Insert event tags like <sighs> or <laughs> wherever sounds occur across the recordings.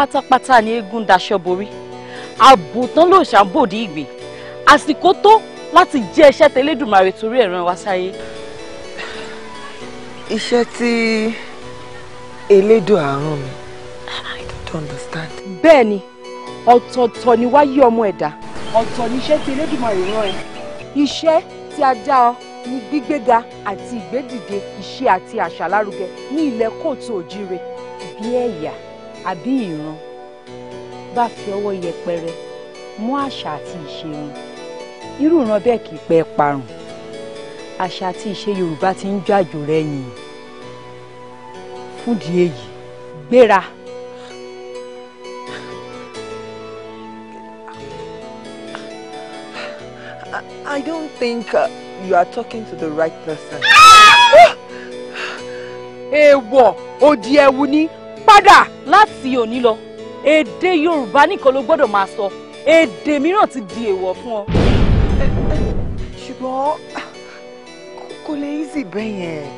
pátápátá ni eégún daṣọ borí àbùtán ló ṣàbòdì ìgbín àsìkò tó láti jẹ́ iṣẹ́ tẹlẹ́dùmarè torí ẹ̀ràn wa sáyé. iṣẹ́ tí elédò àárọ̀ mi I don't understand. bẹ́ẹ̀ ni ọ̀tọ̀ọ̀tọ̀ ni wáyé ọmọ ẹ̀dá ọ̀tọ̀ ni iṣẹ́ tí elédùmarè rán ẹ iṣẹ́ tí a dá ọ ni gbígbéga àti ìgbédìde iṣẹ́ àti àṣà lárugẹ ní ilẹ̀ kóòtù òjíire bí ẹ̀yà àbí ìran bá fi ọwọ́ yẹpẹrẹ mú àṣà àti ìṣe wọn irú ìran bẹ́ẹ̀ kì í pẹ́ parun àṣà àti ìṣe Yorùbá ti ń jàjò rẹ̀yìn fúndìí èyí gbéra. I don't think uh, you are talking to the right person. Ah! Ah! Èèwọ̀ odi ẹwu ni padà. láti òní lọ èdè yorùbá nìkan ló gbọ́dọ̀ máa sọ èdè mìíràn ti di èèwọ̀ fún ọ. ṣùgbọ́n kò lè easy bẹ́ẹ̀ yẹn.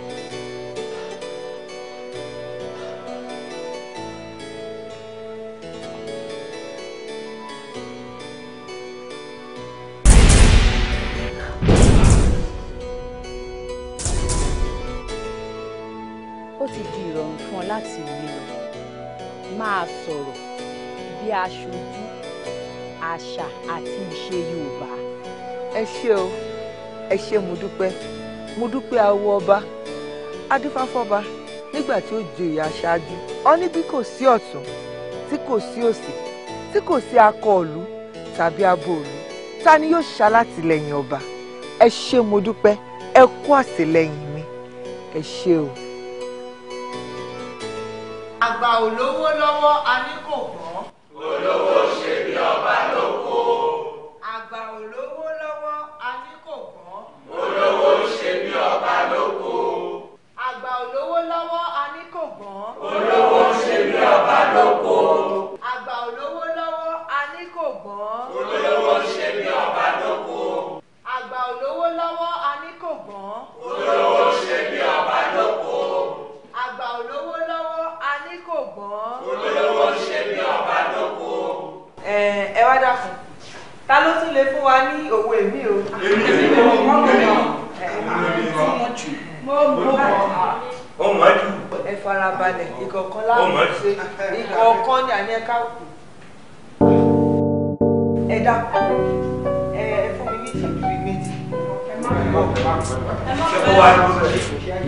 ó láti wí máa sọ̀rọ̀ bí aṣojú àṣà àti ìṣe Yorùbá. ẹ ṣé o ẹ ṣé mo dúpẹ́ mo dúpẹ́ awọ ọba adífáfọ́ba nígbà tí ó joyè aṣáájú ó ní bí kò sí ọ̀tún tí kò sí òsì tí kò sí akọ tàbí abo ta ni yóò ṣalátìlẹ́yìn ọba ẹ ṣé mo dúpẹ́ ẹ kú àtìlẹ́yìn mi ẹ ṣé o àgbà olówó lọ́wọ́ a ní kò pọ̀. ta ló tún lè fún wa ní owó èmi o èmi lè mọ mọ mọ mọ mọ mọ mọ mọ ẹ farabalẹ̀ ìkọ̀ọ̀kan láwọn ṣe ìkọ̀ọ̀kan ní àní ẹ̀ka òkú ẹ dákun ẹ fún mi ní ìtìjú méjì ẹ má bẹ̀rẹ̀ wá lórí ẹ̀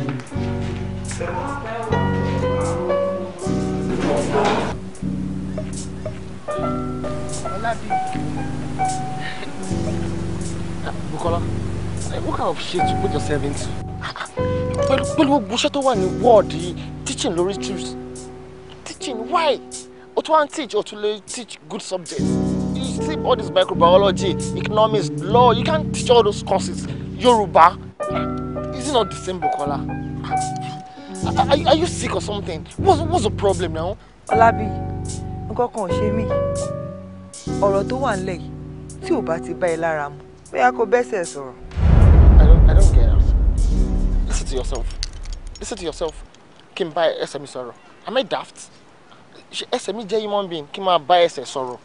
ọlábí. Bukola, what kind of shit you put yourself into? Pẹ̀lú pẹ̀lú bullshit tó wà ní wọ́ọ̀dì teaching lórí trips. Teaching why? O tún wá ń teach o tún lè teach good subjects. You see all this microbiology, economics, law, you can't teach all those courses. Yoruba, is it not the same Bukola? Are, are you sick or something? What's, what's the problem now? Olabi, nǹkan kan ò ṣe mí. Ọ̀rọ̀ tó wà nílẹ̀ yìí tí ò bá ti bá ẹ lára mu bóyá kó bẹ́sẹ̀ sọ̀rọ̀. I don't, I don't get it. Listen to yourself. Listen to yourself. Kí n bá ẹsẹ̀ mi sọ̀rọ̀. Am I daft? Ṣé ẹsẹ̀ mi jẹ́ human being kí n máa bá ẹsẹ̀ sọ̀rọ̀?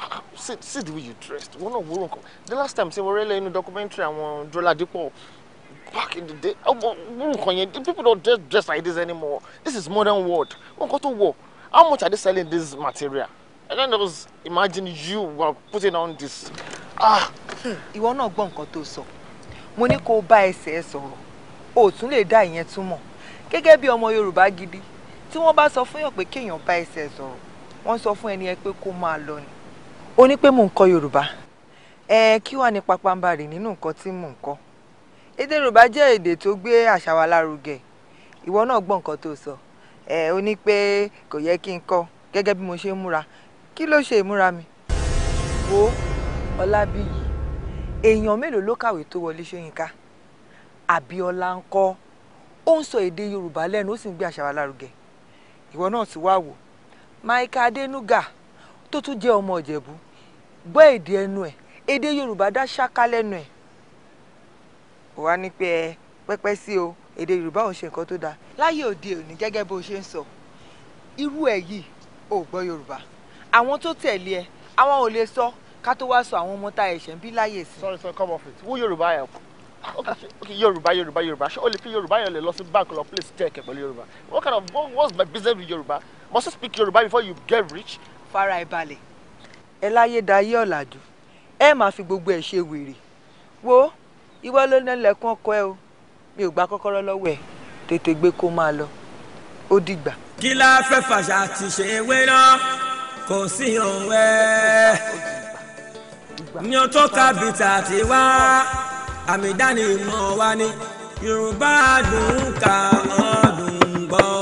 Ah, see, the way you dressed. Wọ́n náà wúrò nǹkan. The last time ṣe mo rẹ́lẹ̀ inú documentary àwọn Dọ́ládépọ̀ back in the day. Wúrò nǹkan yẹn. People don't just dress like this anymore. This is modern world. Wọ́n kọ́ tó wọ̀. How much are they selling this material? And then there was, imagine you were putting on this. Ah! Ìwọ náà gbọ́ nǹkan tó sọ. Mo ní kó o bá ẹsẹ̀ ẹ sọ̀rọ̀. O ò tún lè dá ìyẹn túmọ̀. Gẹ́gẹ́ bí ọmọ Yorùbá gidi, tí wọ́n bá sọ fún yàn pé kéèyàn bá ẹsẹ̀ ẹ sọ̀rọ̀, wọ́n sọ fún ẹni ẹ pé kó máa lọ ni. O ní pé mò ń kọ́ Yorùbá. Ẹ kí wàá ní papambarì nínú nǹkan tí mò ń kọ́. Èdè Yorùbá jẹ́ èdè tó gbé àṣà wa lárugẹ. Ìwọ náà gbọ́ nǹkan tó sọ. Ẹ o ní pé kò yẹ kí n kọ́ gẹ́gẹ́ bí mo ṣe ń múra kí ló ṣe ìmúra mi wo ọlábíyì èèyàn mélòó ló kàwé tó wọlé ṣóyínká àbíọlá ń kọ́ ó ń sọ èdè yorùbá lẹ́nu ó sì ń gbé àṣà wa lárugẹ ìwọ náà ti wá wò michael adenuga tó tún jẹ́ ọmọ ìjẹ̀bú gbọ́ èdè ẹnu ẹ̀ èdè yorùbá dá ṣáká lẹ́nu ẹ̀ ò ní pé ẹ sí o èdè yorùbá ò ń ṣe nǹkan tó dáa láyé òde òní gẹ́gẹ́ bó ṣe ń sọ irú ẹ̀ yìí ò gbọ́ yorùbá àwọn tó tẹ̀lé ẹ àwọn ò lè sọ ká tó wá sọ àwọn ọmọ tá ẹ̀ṣẹ̀ ń bí láyè sí. sorry sorry come off it wú yorùbá yẹn kù okay yorùbá yorùbá yorùbá ṣé o lè fi yorùbá yẹn lè lọ sí bank lọ place check ẹ pẹ̀lú yorùbá what kind of what's my business with yorùbá must you speak yorùbá before you get rich. fara ẹ balẹ̀ ẹ láyé dayé ọ̀làjú ẹ máa fi gbogbo ẹ̀ ṣe wèrè wo ìwọ ló ní ẹlẹ́kùn ọkọ ẹ o mi ò gba kọ́kọ́rọ́ lọ́wọ́ ẹ tètè gbé kó máa lọ ó dìgbà. kí la fẹ́ fàṣà ti ṣe é wé náà kò sí òun ẹ́ ní ọtọ́ kábìtà ti wá àmì ìdánimọ̀ wa ni yorùbá dùn ká ọdún gbọ́.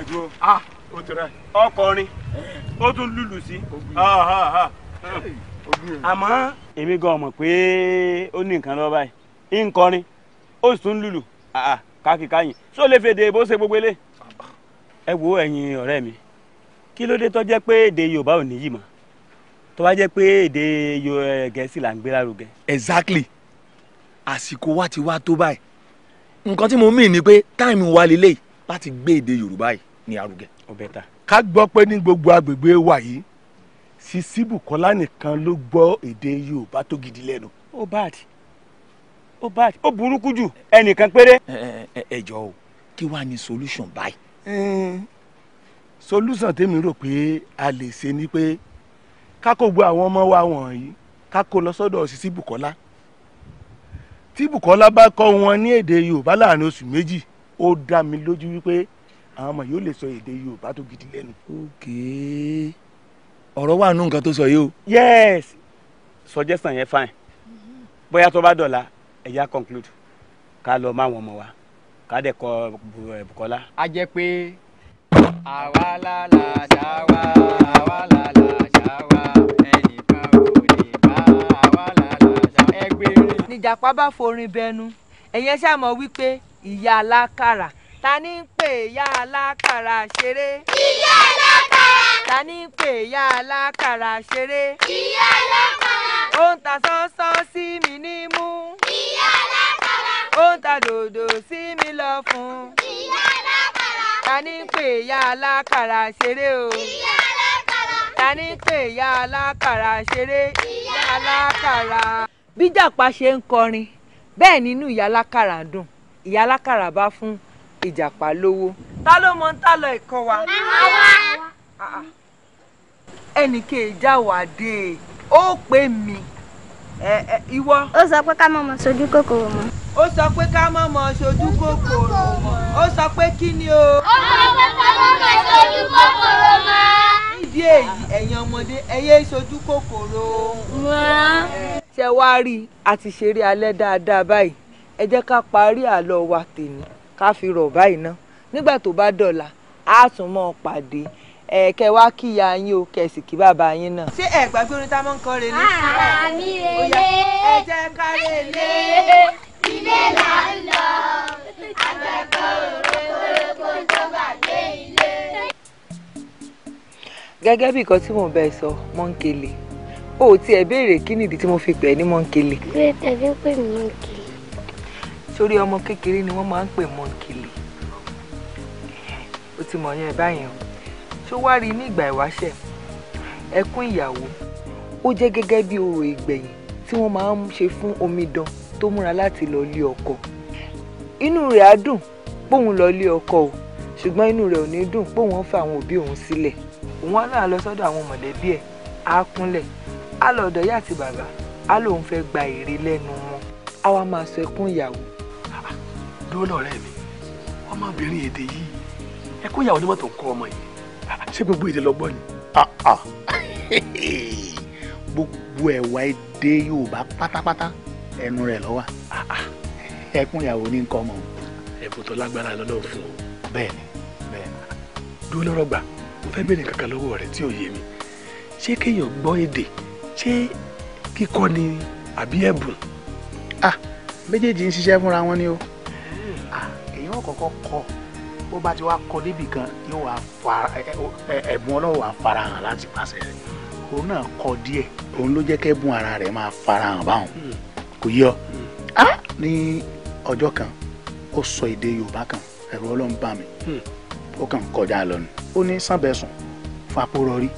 gbìyànjú o ah. ọkọrin ó tún lùlù sí àmọ́ èmi gan mọ̀ pé ó ní nǹkan lọ́wọ́ báyìí nkọrin ó sì tún lùlù ah, ah, kákìkáyìn só lè fèdè bó ṣe gbogbo ilé. ẹ wo ẹ̀yin ọ̀rẹ́ mi kí ló dé tó jẹ́ pé èdè Yorùbá ò níyì mọ́ tó bá jẹ́ pé èdè Gẹ̀ẹ́sì là ń gbé lárugẹ. exactly àsìkò wa ti wá tó báyìí nǹkan tí mo mì ni pé táìmù wa lélẹ̀ láti gbé èdè Yorùbá yìí ní arugẹ. ká gbọ́ pé ní gbogbo agbègbè wa yìí Sisi Bukola nìkan ló gbọ́ èdè Yorùbá tó gidi lẹ́nu. ó bad ó bad ó burúkú jù ẹnìkan péré. ẹ jọ o kí wàá ní solution báyìí. solution tèmi rò pé a lè ṣe ni pé ká kó gbọ́ àwọn ọmọ wa wọ̀nyí ká kó lọ sọ́dọ̀ Sisi Bukola tí Bukola bá kọ́ wọn ní èdè Yorùbá láàrin oṣù méjì ó dá mi lójú wípé àwọn ọmọ yóò lè sọ èdè yorùbá tó gidi lẹ́nu. okay ọ̀rọ̀ wà nù nǹkan tó sọ yìí o. yes suggestion yẹn fine bóyá tó bá dọ̀la ẹ̀yà conclude ká lọ máa wọn mọ̀ wá ká dẹ̀ kọ Bùkọ́lá. Eh, a jẹ́ pé àwa la la ṣá wa àwa la la ṣá wa ẹnìkan ò lè bá àwa la la ṣá ẹgbẹ́ rẹ̀. níjàpá bá forin bẹnu ẹ̀yẹn ṣàmọ̀ wípé ìyá alákàrà ta ní ń pè ìyá alákàrà ṣeré. ìyá alákàrà. ta ní ń pè ìyá alákàrà ṣeré. ìyá alákàrà. ó ń ta sọ́sọ́ sí mi nímú. ìyá alákàrà. ó ń ta dòdò sí mi lọ́fun. ìyá alákàrà. ta ní ń pè ìyá alákàrà ṣeré o. ìyá alákàrà. ta ní ń pè ìyá alákàrà ṣeré. ìyá alákàrà. bíjàpá ṣe ń kọrin bẹ́ẹ̀ nínú ìyá alákàrà dùn ìyá alákàrà bá fún ìjàpá lówó ta ló mọ ta lọ ẹ̀kọ́ wa. Ah, ah. ẹnì kejì àwàdé ó pè mí ìwọ. ó sọ pé ká má mọ sojú kòkòrò mọ́. ó sọ pé ká má mọ sojú kòkòrò mọ́. ó sọ pé kí ni o. ó sọ pé ká má mọ sojú kòkòrò mọ́. nídìí èyí ẹ̀yin ọmọdé ẹ sojú kòkòrò. ṣé wàá rí i a ṣeré alẹ́ dáadáa báyìí ẹ jẹ́ ká parí àlọ́ wa tèmi ká fi rọ̀ báyìí ná nígbà tó bá dọ̀la á tún mọ́ pàdé ẹ kẹ wá kíya yín o kẹ sì kí bàbá yín náà. ṣé ẹ gbàgbé orin tá a máa ń kọ́ relé. àmì relé ẹ jẹ́ ká relé ilé là ń lọ àgbẹ̀kọ̀ òróró kó tó ilé. gẹ́gẹ́ bí nǹkan tí mò ń bẹ sọ mọ́ńkele o ò tiẹ̀ béèrè kí nìdí tí mo fi pè é ní mọ́ńkele. bí ẹ tẹ̀lé pè mí mọ́ńkele sórí ọmọ kékeré ni wọ́n máa ń pè mọ́ńkìlì ó ti mọ̀ yẹn báyìí o ṣó wá rí ní ìgbà ìwáṣẹ̀ ẹkún ìyàwó ó jẹ́ gẹ́gẹ́ bí orò ìgbẹ̀yìn tí wọ́n máa ń ṣe fún omidan tó múra láti lọ lé ọkọ inú rẹ̀ á dùn póun lọ lé ọkọ o ṣùgbọ́n inú rẹ̀ ò ní dùn póun ń fa àwọn òbí òun sílẹ̀ òun á náà lọ sọ́dọ̀ àwọn mọ̀lẹ́bí ẹ̀ á kúnlẹ̀ á lọ ọ̀dọ̀ ìyá àti bàbá á lóun fẹ́ gba èrè lẹ́nu wọn á wá máa sọ ẹkún ìyàwó dúró lọ́rẹ́ mi ọmọbìnrin èdè yìí ẹ kó ìyàwó ní mọ́tò ń kọ́ ọmọ yìí ṣé gbogbo èdè lọ́gbọ́ ni. Ah, ah. <laughs> gbogbo ẹ̀wà èdè Yorùbá pátápátá ẹnu rẹ̀ ló wà ah, ẹkún ìyàwó ní nǹkan ọmọ. ẹ̀bùn tó lágbára lọ́dọ̀ fún o. bẹ́ẹ̀ni bẹ́ẹ̀ni. dúró lọ́rọ̀ gbà mo fẹ́ béèrè kankan lọ́wọ́ rẹ̀ tí ò yé mi ṣé kéèyàn gbọ́ èdè ṣé kíkọ́ ni àbí ẹ̀bùn. ah méjèèjì ń ṣiṣẹ́ fúnra wọn ni o. Ah, èyàn kọ́kọ́ kọ́ bó bá ti wá kọ débì kan yóò wá fara ẹ̀bùn ọlọ́wọ́ wá farahàn láti pàṣẹ rẹ̀ òun náà kọ díẹ̀ òun ló jẹ́ kẹ́bùn ara rẹ̀ máa farahàn báwọn hmm. kò yọ hmm. ah, ní ọjọ́ kan ó sọ èdè Yorùbá kan ẹ̀rọ Ọlọ́run bá mi hmm. ó kàn kọjá lọ ni ó ní sànbẹ̀sùn fapórọrí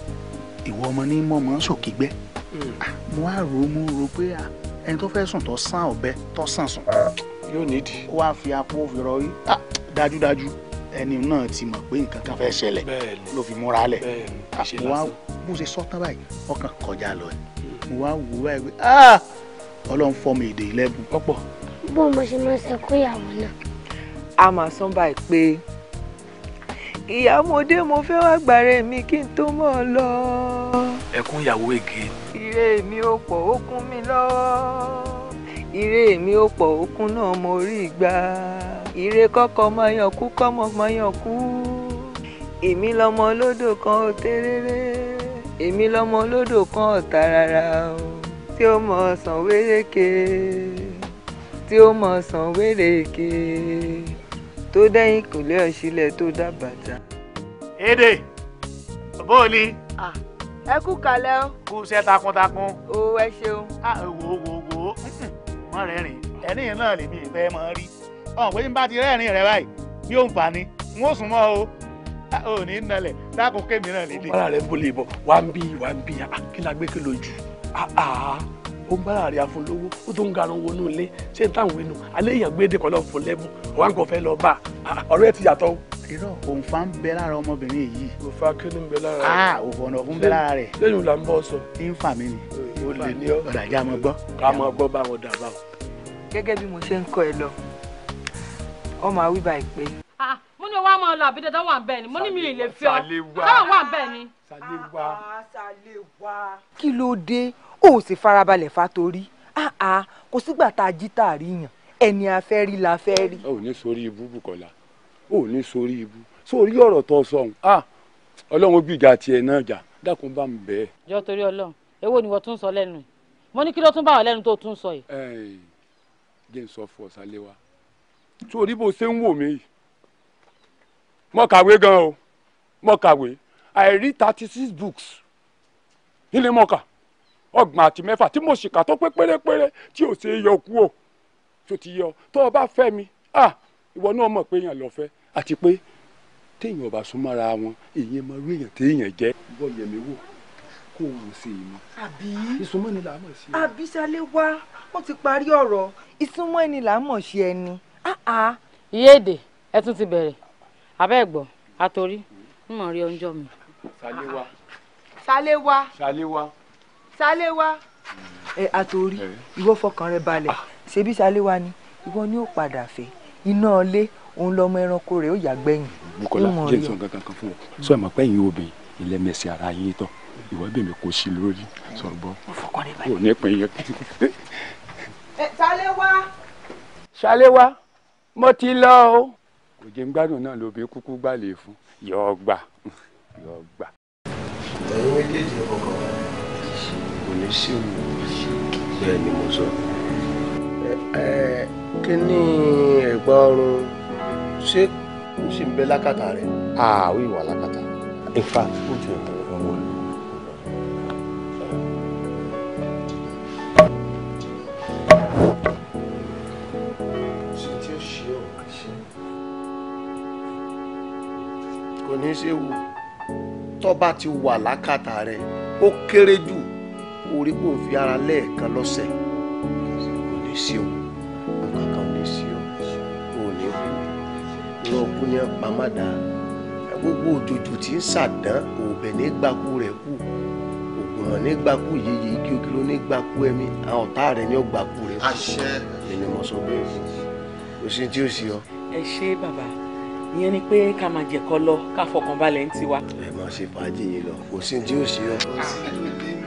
ìwọ ọmọ ní mọ̀mọ́ sòkígbẹ́ ah, mo á rò ó mo rò pé ẹni tó fẹ́ sùn tó sàn ọ̀bẹ tó sàn sùn yóò nídìí. ó wá fi apó rọ yí ah, dájúdájú ẹni náà ti mọ̀ pé nǹkan kan fẹ́ ṣẹlẹ̀ ló fi múra lẹ̀ àpò ah, wa bó ṣe sọ́tàn báyìí ọkàn kọjá lọ ẹ̀ mo wá wò báyìí pé ah! ọlọ́run fọ́ mi èdè ìlẹ́bùn pọ́pọ̀. bó mo ṣe máa ṣe kó ìyàwó náà. a máa sọ báyìí pé ìyàmọ̀dé mo fẹ́ wá gbàrẹ́ mi kí n tó mọ̀ lọ. ẹkún ìyàwó ege. ire mi ò pọ̀ ó mi lọ́wọ́ ire mi ò pọ̀ òkun náà mo rí gbà ire kọ́kọ́ mayanku kọ́mọ mayanku èmi lọmọ lódò kan ò téréré èmi lọmọ lódò kan ò tàràrà o tí ó mọ sàn wéréke tí ó mọ sàn wéréke tó dẹ́yìn kùlé ọ̀sílẹ̀ tó dá bàtà. èdè bóòlì. Ah, ẹ kú kalẹ̀ o. kú iṣẹ́ takuntakun. o ẹ ṣeun. a wò ó mọ́ rẹ́rìn ẹni yẹn náà lèmi ìfẹ́ mọ́ rí ọ̀n pé bá ti rẹ́rìn rẹ báyìí bí ó ń fà ni n ó sùn mọ́ o ò ní nalẹ̀ dákun kémi náà lè dé. bára rẹ bó lè bọ wà ń bí wà ń bí kí la gbé kí lo jù ó ń bára rẹ àfọlówó ó tó ń garun wọnú ilé ṣé táwọn inú alẹ́ èèyàn gbé dé kọ́ fún lẹ́bù ọ̀wá nǹkan fẹ́ lọ bá ọ̀rẹ́ ti yàtọ̀ irọ́ òǹfà ń bẹ lára ọmọbìnrin yìí. òǹfà kí ni ń bẹ lára rẹ. ah òǹfọ̀nà fún bẹ lára rẹ. lẹ́yìn là ń bọ́ sọ. ìfà mi ni ó lè ní ọ̀dàjà mọ gbọ́. ká mọ gbọ́ bá wọn dàbà o. gẹ́gẹ́ bí mo ṣe ń kọ́ ẹ lọ ọmọ àwíbá ìpè. Ah, mo ní wàá máa lọ àbí dandan wà bẹ́ẹ̀ ni mo ní mi ì lè fi ọ táwọn wà bẹ́ẹ̀ ni. Ah, kí ló dé o ò sì farabalẹ̀ fa torí ah, ẹni a rí la fẹ́ rí. ó ní sórí ibú Bùkọ́lá ò ní sórí ibu sórí ọ̀rọ̀ tó sọ ọ̀hún ah ọlọ́run ó gbìjà tiẹ̀ náà jà dákun bá mi bẹ́ẹ̀. jọ torí ọlọ́run èwo ni wọ́n tún sọ lẹ́nu yìí mo ní kí ló tún bá wà lẹ́nu tó tún sọ yìí. ẹ jẹ́ n sọ fún ọ̀sálẹ̀ wa sórí bó ṣe ń wò mí yìí mo kàwé gan o mo kàwé I read thirty six books nílé mọ́kà ọgbọ̀n àti mẹ́fà tí mo ṣìkà tó pé pérépéré tí ò ṣe é yọ kú o tó ti yọ tó o bá fẹ́ mi ah ìwọ náà mọ̀ pé èèyàn lọ fẹ́ àti pé téèyàn ọba sún mọ́ra wọn èèyàn mọ irú èèyàn téèyàn jẹ́. bọ́ yẹmi wò kó o ṣe mi. àbí ìsúnmọ́ ni là á mọ̀ sí ẹni. àbí sálẹ̀ wá wọ́n ti parí ọ̀rọ̀ ìsúnmọ́ ni là á mọ̀ sí ẹni. ìyéèdè ẹ tún ti bẹ̀rẹ̀ abẹ́ ẹ̀gbọ́ àtòrí ń mọ̀ rí ọjọ́ mi. sálẹ̀ wá. sálẹ̀ wá. sálẹ̀ wá. sálẹ̀ wá. ẹ àtòrí ìwọ fọkàn rẹ balẹ̀ ah. ṣebí sálẹ̀ wá ni ìwọ ni ó padà fẹ́ iná ọlẹ́ òun lọmọ ẹranko rẹ̀ ó yà gbẹ̀yìn. Bukola james ọ̀gá kankan fún ọ sọ ẹ̀ mọ̀ pé ẹ̀yin obìnrin ilẹ̀ mẹ̀sì ara yín tọ̀ ìwọ bẹ̀ mi kò sí lórí sọ̀rọ̀ bọ́ ò ní pín yẹn. ṣàléwá. ṣàléwá mo ti lọ o. kò jẹ́ gbádùn náà ló bí kúkú gbà lè fún yọ gbà yọ gbà. ẹ̀yin méjèèjì ọkọ̀ kò ní sí òun bẹ́ẹ̀ ni mo sọ. ẹ ẹ kí ni ẹ̀gbọ́n ọrùn ṣé o ṣì ń bẹ lákàtà rẹ. àwọ̀ ìwà lákàtà in fact ó ti ẹ̀kọ́ ọmọ rẹ. kò ní í ṣe wù tó bá ti wà lákàtà rẹ ó kéré jù orí kò fi ara lẹ́ẹ̀kan lọ́sẹ̀ kò ní í ṣe wù. ṣe ọkúnyán pamọ́dà gbogbo òjòjò tí ń ṣàdán òbẹ̀ nígbàkú rẹ̀ kú ògùnmọ̀ nígbàkú yeye igi okiro nígbàkú ẹ̀mí àwọn ọ̀tá rẹ̀ ní ọgbàkú rẹ̀ kú àṣẹ èmi sọ pé kò sí tí ó sì ọ. ẹ ṣe bàbá ìyẹn ni pé ká máa jẹ̀kọ́ lọ ká fọkàn balẹ̀ ń tiwa. ẹ máa ṣe fàájì yìí lọ kò sí tí ó sì ọ. kò sí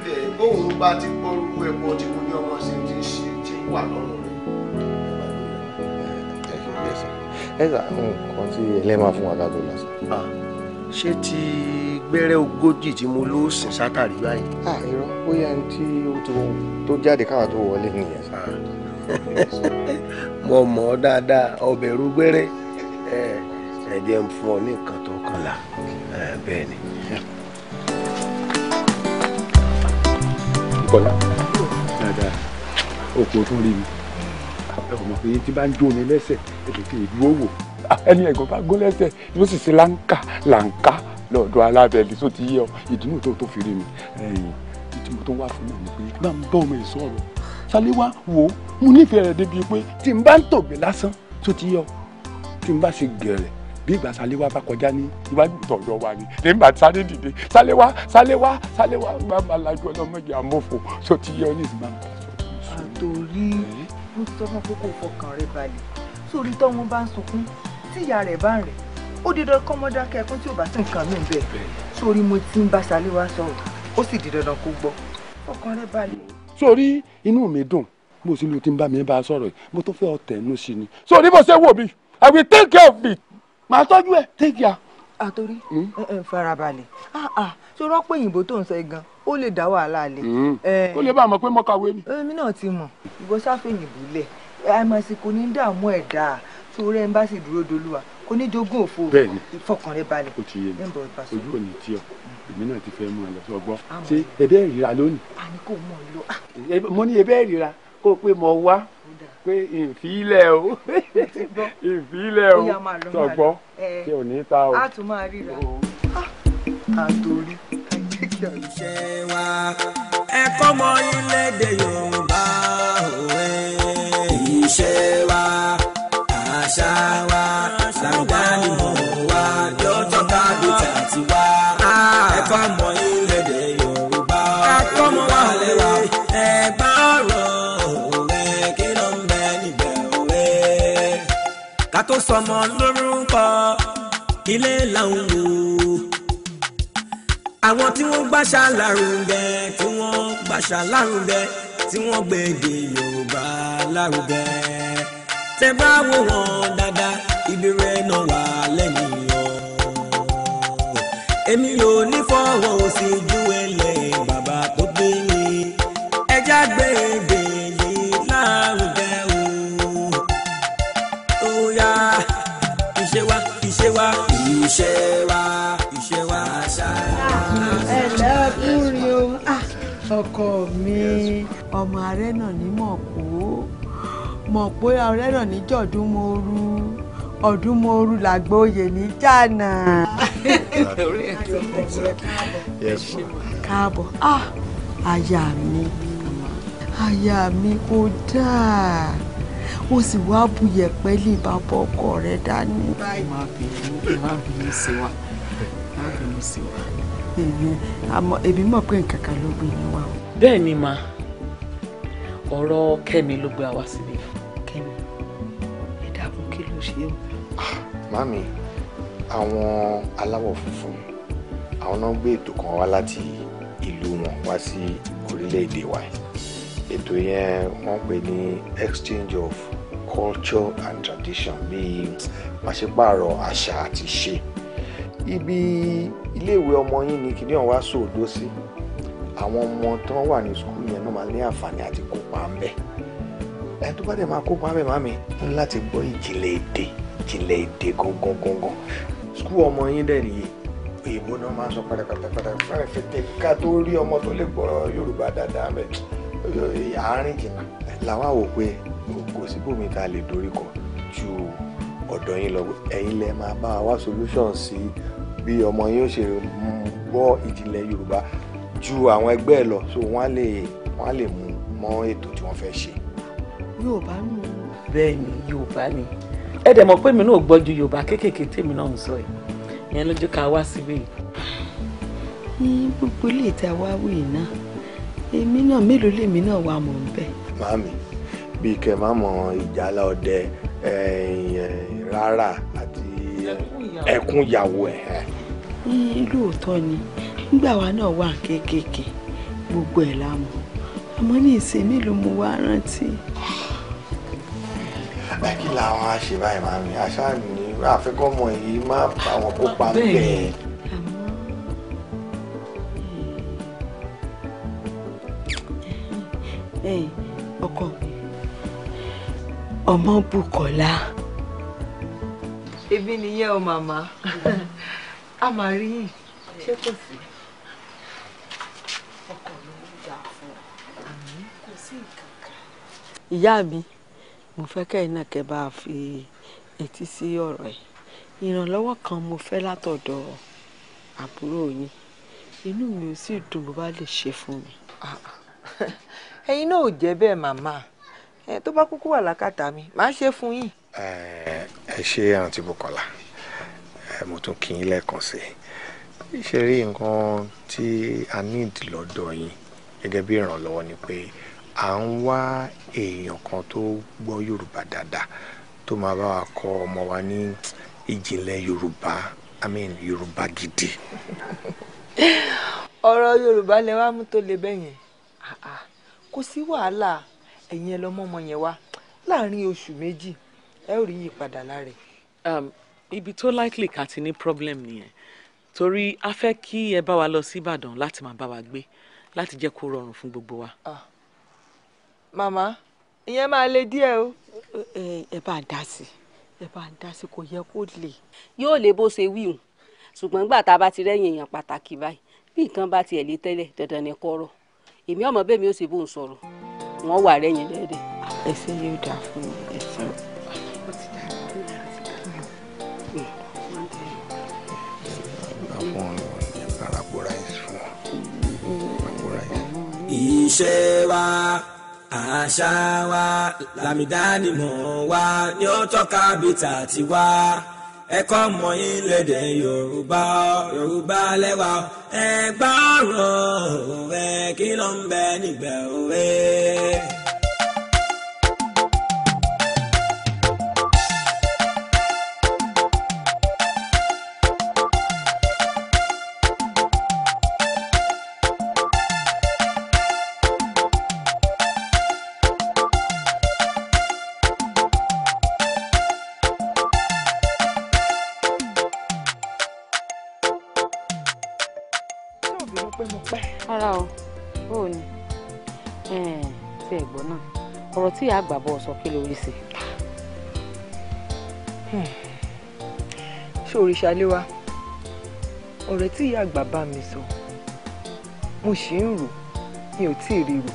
bẹ́ẹ̀ bóun bá ti pọ́n rú ẹ̀pọ̀ tí mo ní ọmọ sí ti ń ṣe ti wà lọ́rùn ẹ sà nǹkan tí ẹlẹ́mà fún wa ká tó lọ sí. Ah, ṣé ti gbẹ́rẹ́ ogójì tí mo ló sìn sátàrí báyìí. à ah, irọ́ bóyá ẹni tí ó ti tó jáde káwa tó wọlé nìyẹn sà. Ah, mo mọ̀ ọ́ dáadáa ọbẹ̀ ru gbẹ́rẹ́ ẹ ń fún ọ ní nǹkan tó kàn bẹ́ẹ̀ ni. Bọ́lá dáadáa òpó tún rí mi ẹ mọ̀ pé tí bá ń jó lẹ́sẹ̀ ẹ ìdúró wò ah, ẹni ẹ̀gbọ́n bá gún lẹ́sẹ̀ yóò sì ṣe láǹkà láǹkà lọ́dọ̀ alábẹ́ẹ̀lì tó ti yẹ ọ ìdùnnú tó tó fi rí mi ẹ̀yìn tí mo tó wá fún mi pé bá ń bá ọmọ yìí sọ̀rọ̀ Ṣaléwá wo mo nífẹ̀ẹ́ rẹ̀ débi pé tí n bá ń tọ̀gbẹ́ lásán tó ti yẹ ọ tí n bá ṣe gẹ̀rẹ̀ bí ìgbà Ṣaléwá bá kọjá ní iwájú ìtọ̀jọ́ wa ni ní bá sáré dìde Ṣaléwá Ṣaléwá Ṣaléwá gbàgbà lajú ọlọ́mọdé àmọ́fò tó ti yẹ ọ ní ìgbà. àtòrí ń sọ fún kókó fọkàn rẹ balẹ̀ sórí tọ́mọ bá ń sunkún tí ìyá rẹ̀ bá ń rẹ̀ ó di dandan kọ́mọdé akẹ́kọ̀ọ́ tí ò bá sí nǹkan mí bẹ́ẹ̀ sórí mo ti ń bá Ṣaléwá sọ̀rọ̀ ó sì di dandan kó gbọ́ fọkàn rẹ balẹ̀. sórí inú mi dùn mo sì ló ti ń bá mi bá a sọ̀rọ̀ yìí mo tó fẹ́ ọ̀tẹ̀ ẹnu sí ni sórí bó ṣe wò mí I will take care of me màá tọ́jú ẹ̀ take care. àtòrí hmm? ẹ ẹ farabalẹ̀ ah, ah, ṣòro pé òyìnbó tó ń sọ ẹ gan ó lè dá wàhálà lẹ. Hmm. ó lè bá a mọ̀ pé mo kàwé ni. èmi náà ti mọ̀ ìwọ sáfẹ̀yìn bùlẹ̀ àìmọ̀sìnkò ní dààmú ẹ̀ dáa torí ẹ̀ ń bá sì dúró dolúwa kò ní jogún òfo ìfọkànrẹ́ balẹ̀. o ti yé mi ojú ò ní tí ọ èmi náà ti fẹ́ mú ẹ lọ sọgbọ́ ṣé ẹbẹ́ ìrira lónìí. Ah. mo ní ẹbẹ́ ìrira kó o pé mo wá pé ìfilẹ̀ o <laughs> ìfilẹ̀ o sọgbọ́ ṣé ò ní ta o. a tún máa ríra. àtòrí. Oh. Ah. Ah, ṣe wá ẹ̀kọ́ mọ ilẹ̀-èdè Yorùbá òwe ìṣe wa àṣà wa làǹdánimọ̀ wa yóò tọ́ka bí tàǹtí wa ẹ̀kọ́ mọ ilẹ̀-èdè Yorùbá òwe wà lẹ́wà ẹ̀gbá ọ̀rọ̀ òwe kí ló ń bẹ níbẹ̀ òwe. ká tó sọmọ lórúkọ ilé làwọn wò àwọn tí wọ́n gbàṣà lárugẹ tí wọ́n gbàṣà lárugẹ tí wọ́n gbèdè Yorùbá lárugẹ tẹ bá wò wọ́n dáadáa ìbéèrè náà wà lẹ́yìn ọ̀ èmi ò ní fọwọ́ sí ju ẹlẹ́ bàbá tó bí mi ẹja gbèdè yìí lárugẹ o ó yá ìṣe wa ìṣe wa ìṣe wa. ọkọ mi ọmọ arẹ náà ní mọ̀pọ̀ mọ̀pọ̀ arẹ náà ní jọ̀dún mooru ọdún mooru làgbà oyè ní jàǹdà. káàbọ̀ àyà ah, mi àyà mi kò dáa o sì wá buyẹ̀ pẹ́lú ìbábọ̀ ọkọ rẹ dání. ẹ má bínú ẹ má bínú sí wa má bínú sí wa. gbé yín àmọ́ èmi mọ̀ pé nǹkan kan ló gbé yín wá o. bẹ́ẹ̀ ni mà ọ̀rọ̀ kẹ́mi ló gbé wa síbí. kẹ́mi ẹ dákun kí ló ṣe o. màmí àwọn aláwọ̀ funfun àwọn náà gbé ètò kan wá láti ìlú wọn wá sí orílẹ̀-èdè wa ètò yẹn wọ́n pè ní exchange of culture and tradition bíi pàṣípààrọ̀ àṣà àti ṣe ibi iléèwé ọmọ yín ni kìnìún wa sòdó sí àwọn ọmọ tó wà ní sùkúl yẹn náà máa ní àǹfààní àti kópa ń bẹ̀ ẹ tó bá dẹ̀ máa kópa ń bẹ̀ màmí ń láti gbọ́ ìjìnlẹ̀ èdè ìjìnlẹ̀ èdè gangan gangan sùkúl ọmọ yín dẹ̀ nìyí òyìnbó náà máa sọ pátápátápátá fẹ́rẹ̀fẹ́tẹ̀ ká tó rí ọmọ tó lè gbọ́ Yorùbá dáadáa mẹ́ àárín jìnnà làwọn àwò pé kò síbòmí tá a lè dorí kọ ju ọ̀dọ̀ yín lọ ẹ̀yin lẹ máa bá wa solution sí i bí ọmọ yín ó ṣe gbọ́ ìjìnlẹ̀ Yorùbá ju àwọn ẹgbẹ́ ẹ lọ so wọ́n á lè wọ́n á lè mú mọ́ ètò tí wọ́n fẹ́ ṣe. Yorùbá nù. bẹ́ẹ̀ ni Yorùbá ni ẹ dẹ̀ mọ̀ pé mi náà gbọ́ ju Yorùbá kéékèèké tèmi náà ń sọ ẹ̀ yẹn lójú ká wá síbí. ní gbogbo ilé ìta wá wì náà èmi náà mélòó lèmi náà wà mọ̀ ń bẹ̀. màámi bíi kẹ má mọ ìjàlá ọdẹ rárá àti ẹkún ìyàwó ẹ̀. lóòótọ́ ni nígbà wa náà wà kéékèèké gbogbo ẹ̀ la mọ̀ àmọ́ ní ìsìn mélòó mo wá rántí. ẹ kí làwọn àṣìbá ìmàmì àṣà ni àfikún ọmọ yìí má àwọn kópa ń bẹ̀ẹ́. ọkọ mi ọmọ Bùkọ́lá. Hey, ebi nìyẹn o màmá a máa rí yìí ṣé kò sí. ọkọ ló ń dà fún ọ kò sí nǹkan kan. ìyá mi mo fẹ́ kẹ́yìn náà kẹ́ bá a fi etí sí ọ̀rọ̀ ẹ̀ ìrànlọ́wọ́ kan mo fẹ́ látọ̀dọ̀ àbúrò yín inú mi ò sì dùn bó bá lè ṣe fún mi. <laughs> ẹ̀yin náà ò jẹ́ bẹ́ẹ̀ màmá ẹ tó bá kúkú wà lákàtà mi màá ṣe fún yín ẹ ṣe àǹtí Bùkọ́lá mo tún kí yín lẹ́ẹ̀kan sí i ṣe rí nǹkan tí a níìdì lọ́dọ̀ yín gẹ́gẹ́ bí ìrànlọ́wọ́ ni pé à ń wá èèyàn kan tó gbọ́ Yorùbá dáadáa tó máa bá wa kọ́ ọmọ wa ní ìjìnlẹ̀ Yorùbá I mean Yorùbá gidi. ọ̀rọ̀ Yorùbá lẹ wá mú tó le bẹ́ẹ̀ yẹn kò sí wàhálà ẹ̀yin ẹ lọ́mọ yẹn wá láàárín oṣù méjì ẹ ò rí ìyípadà lára ẹ̀. Um, ibi tó likely ká ti ní problem nìyẹn torí a fẹ́ kí ẹ bá wa lọ sí Ìbàdàn láti máa bá wa gbé láti jẹ́ kó rọrùn fún gbogbo wa. Ah. màmá ìyẹn máa le díẹ̀ o. ẹ bá a dá sí ẹ bá a dá sí kò yẹ kó le. yóò lè bó ṣe wí o ṣùgbọ́n nígbà tá a bá ti rẹ́yìn èèyàn pàtàkì báyìí bí nǹkan bá tiẹ̀ lé tẹ́lẹ̀ dandan ni kọ́rọ̀ èmi ọmọ bẹ́ẹ̀ mi ò ṣe bóun sọ̀rọ̀ wọ́n wà rẹ́yìn lẹ́ẹ̀dẹ̀. ẹsẹ̀ yóò dáa fún mi. iṣẹ́ wa àṣà wa làmìdánimọ̀ wa ni ó tọ́ka bìtà tiwa ẹ̀kọ́ mọ̀ yín lédè yorùbá yorùbá lẹ́wà ẹ̀gbá ọ̀rọ̀ rẹ̀ kí ló ń bẹ nígbà òwe. ọ̀gá o ó ní tí ẹ gbọ́ náà ọ̀rọ̀ tí ìyá àgbà bọ̀ sọ kí lórí sí. ṣé òrìṣà léwa ọ̀rẹ́ tí ìyá àgbà bá mi sọ mo ṣì ń rò mi ò tí ì rí rò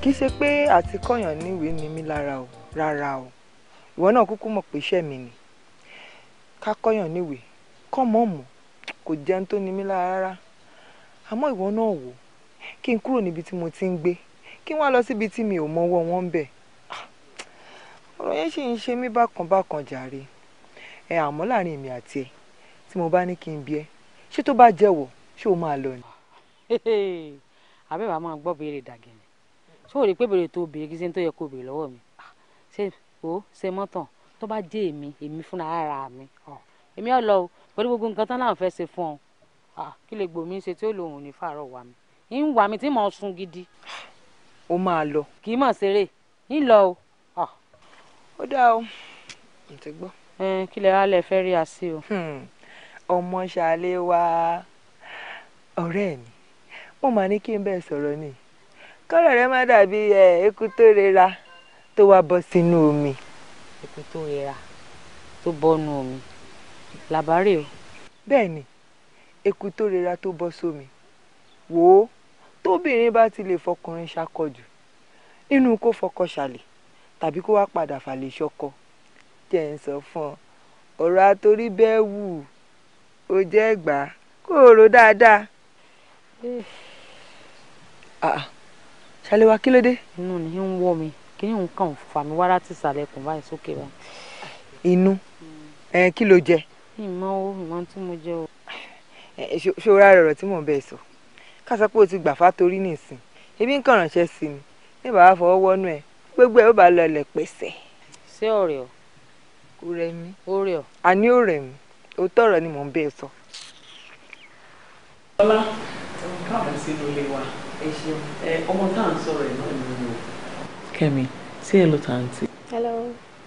kì í ṣe pé àti kọ́yàn níwèé ni mí lára o rárá o ìwọ náà kúkú mọ̀ pé iṣẹ́ mi ni ká kọ́yàn níwèé kọ́ mọ̀ mọ̀ kò jẹun tó ni mí lára rárá àmọ́ ìwọ náà wò kí n kúrò níbi tí mo ti ń gbé kí n wá lọ síbi tí mi ò mọwọ́ wọn bẹ̀ ọ̀rọ̀ yẹn sì ń ṣe mí bákan jàre ẹ àmọ́ láàrin èmi àti ẹ tí mo bá ní kí n bí ẹ ṣé tó bá jẹ́wọ́ ṣé o máa lọ ni. àbẹ̀wò <laughs> a máa gbọ́ béèrè dàgẹ̀nì ṣé o rí pé béèrè tó béèrè kí ṣe ń tó yẹ kó béèrè lọ́wọ́ mi ah, ṣé o ṣe mọ́tàn tó bá jẹ́ èmi èmi fúnra ara mi ah, èmi ọ̀ lọ pẹ̀lú gbogbo nǹkan tán láwọn fẹ́ ṣe fún ọ kí lè gbòmí ṣe tí ó lòun ní fàárọ̀ wà mí ń wà mí tí mò ń sun gidi. ó máa lọ. kì í mọ̀ ṣeré ń lọ o. ó dáa o n ti gbọ́. kí lè alẹ́ fẹ́ rí àṣì o. Hmm. ọmọ ṣàlẹ̀ wa ọ̀rẹ́ mi mo máa ní kí n bẹ́ẹ̀ sọ̀rọ̀ ni kọ́rọ̀ rẹ má dàbí eku tó rẹra tó wá bọ́ sínú omi. eku tó rẹra tó bọ́nu omi làbárè o. bẹ́ẹ̀ eku tó rẹra tó bọ́ sómi wò ó tóbìnrin bá ti lè fọkùnrin ṣàkọjù nínú kó fọkọ ṣàlè tàbí kó wá padà fàlè ṣọkọ jẹ́ ń sọ fún ọ ọ̀rọ̀ àtorí bẹ́ẹ̀ wù ó jẹ́ gbà á kó o rò dáadáa. Ah, ah. ṣàlẹ̀ wa kí ló dé. inú ni ń wọ mi kí ni nǹkan fà mí wá láti ìsàlẹ̀ kùn báyìí sókè báyìí. inú ẹ kí ló jẹ. ìmọ̀ o ìmọ̀ tí mo jẹ o ṣé o rárá tí mò ń bẹ̀ sọ ká o ti gbà fátorí nìsín ebi ń kàn ránṣẹ́ sí ni ní bàbá fọwọ́ wọ́nú ẹ gbogbo ẹ ó bá lọ ilẹ̀ pẹ̀sẹ̀. ṣé ọ̀rẹ́ ọ. kò rẹ̀ mí. ó rẹ̀ ọ. àní ó rẹ̀ mí òótọ́ ọ̀rọ̀ ni mò ń bẹ̀ sọ. ọlá káàbọ̀ sínú ilé wa ẹ ṣeun ọmọ tá à ń sọ̀rọ̀ ẹ̀ náà ni mo. kẹ́mi sí ẹ tàǹtì. hello.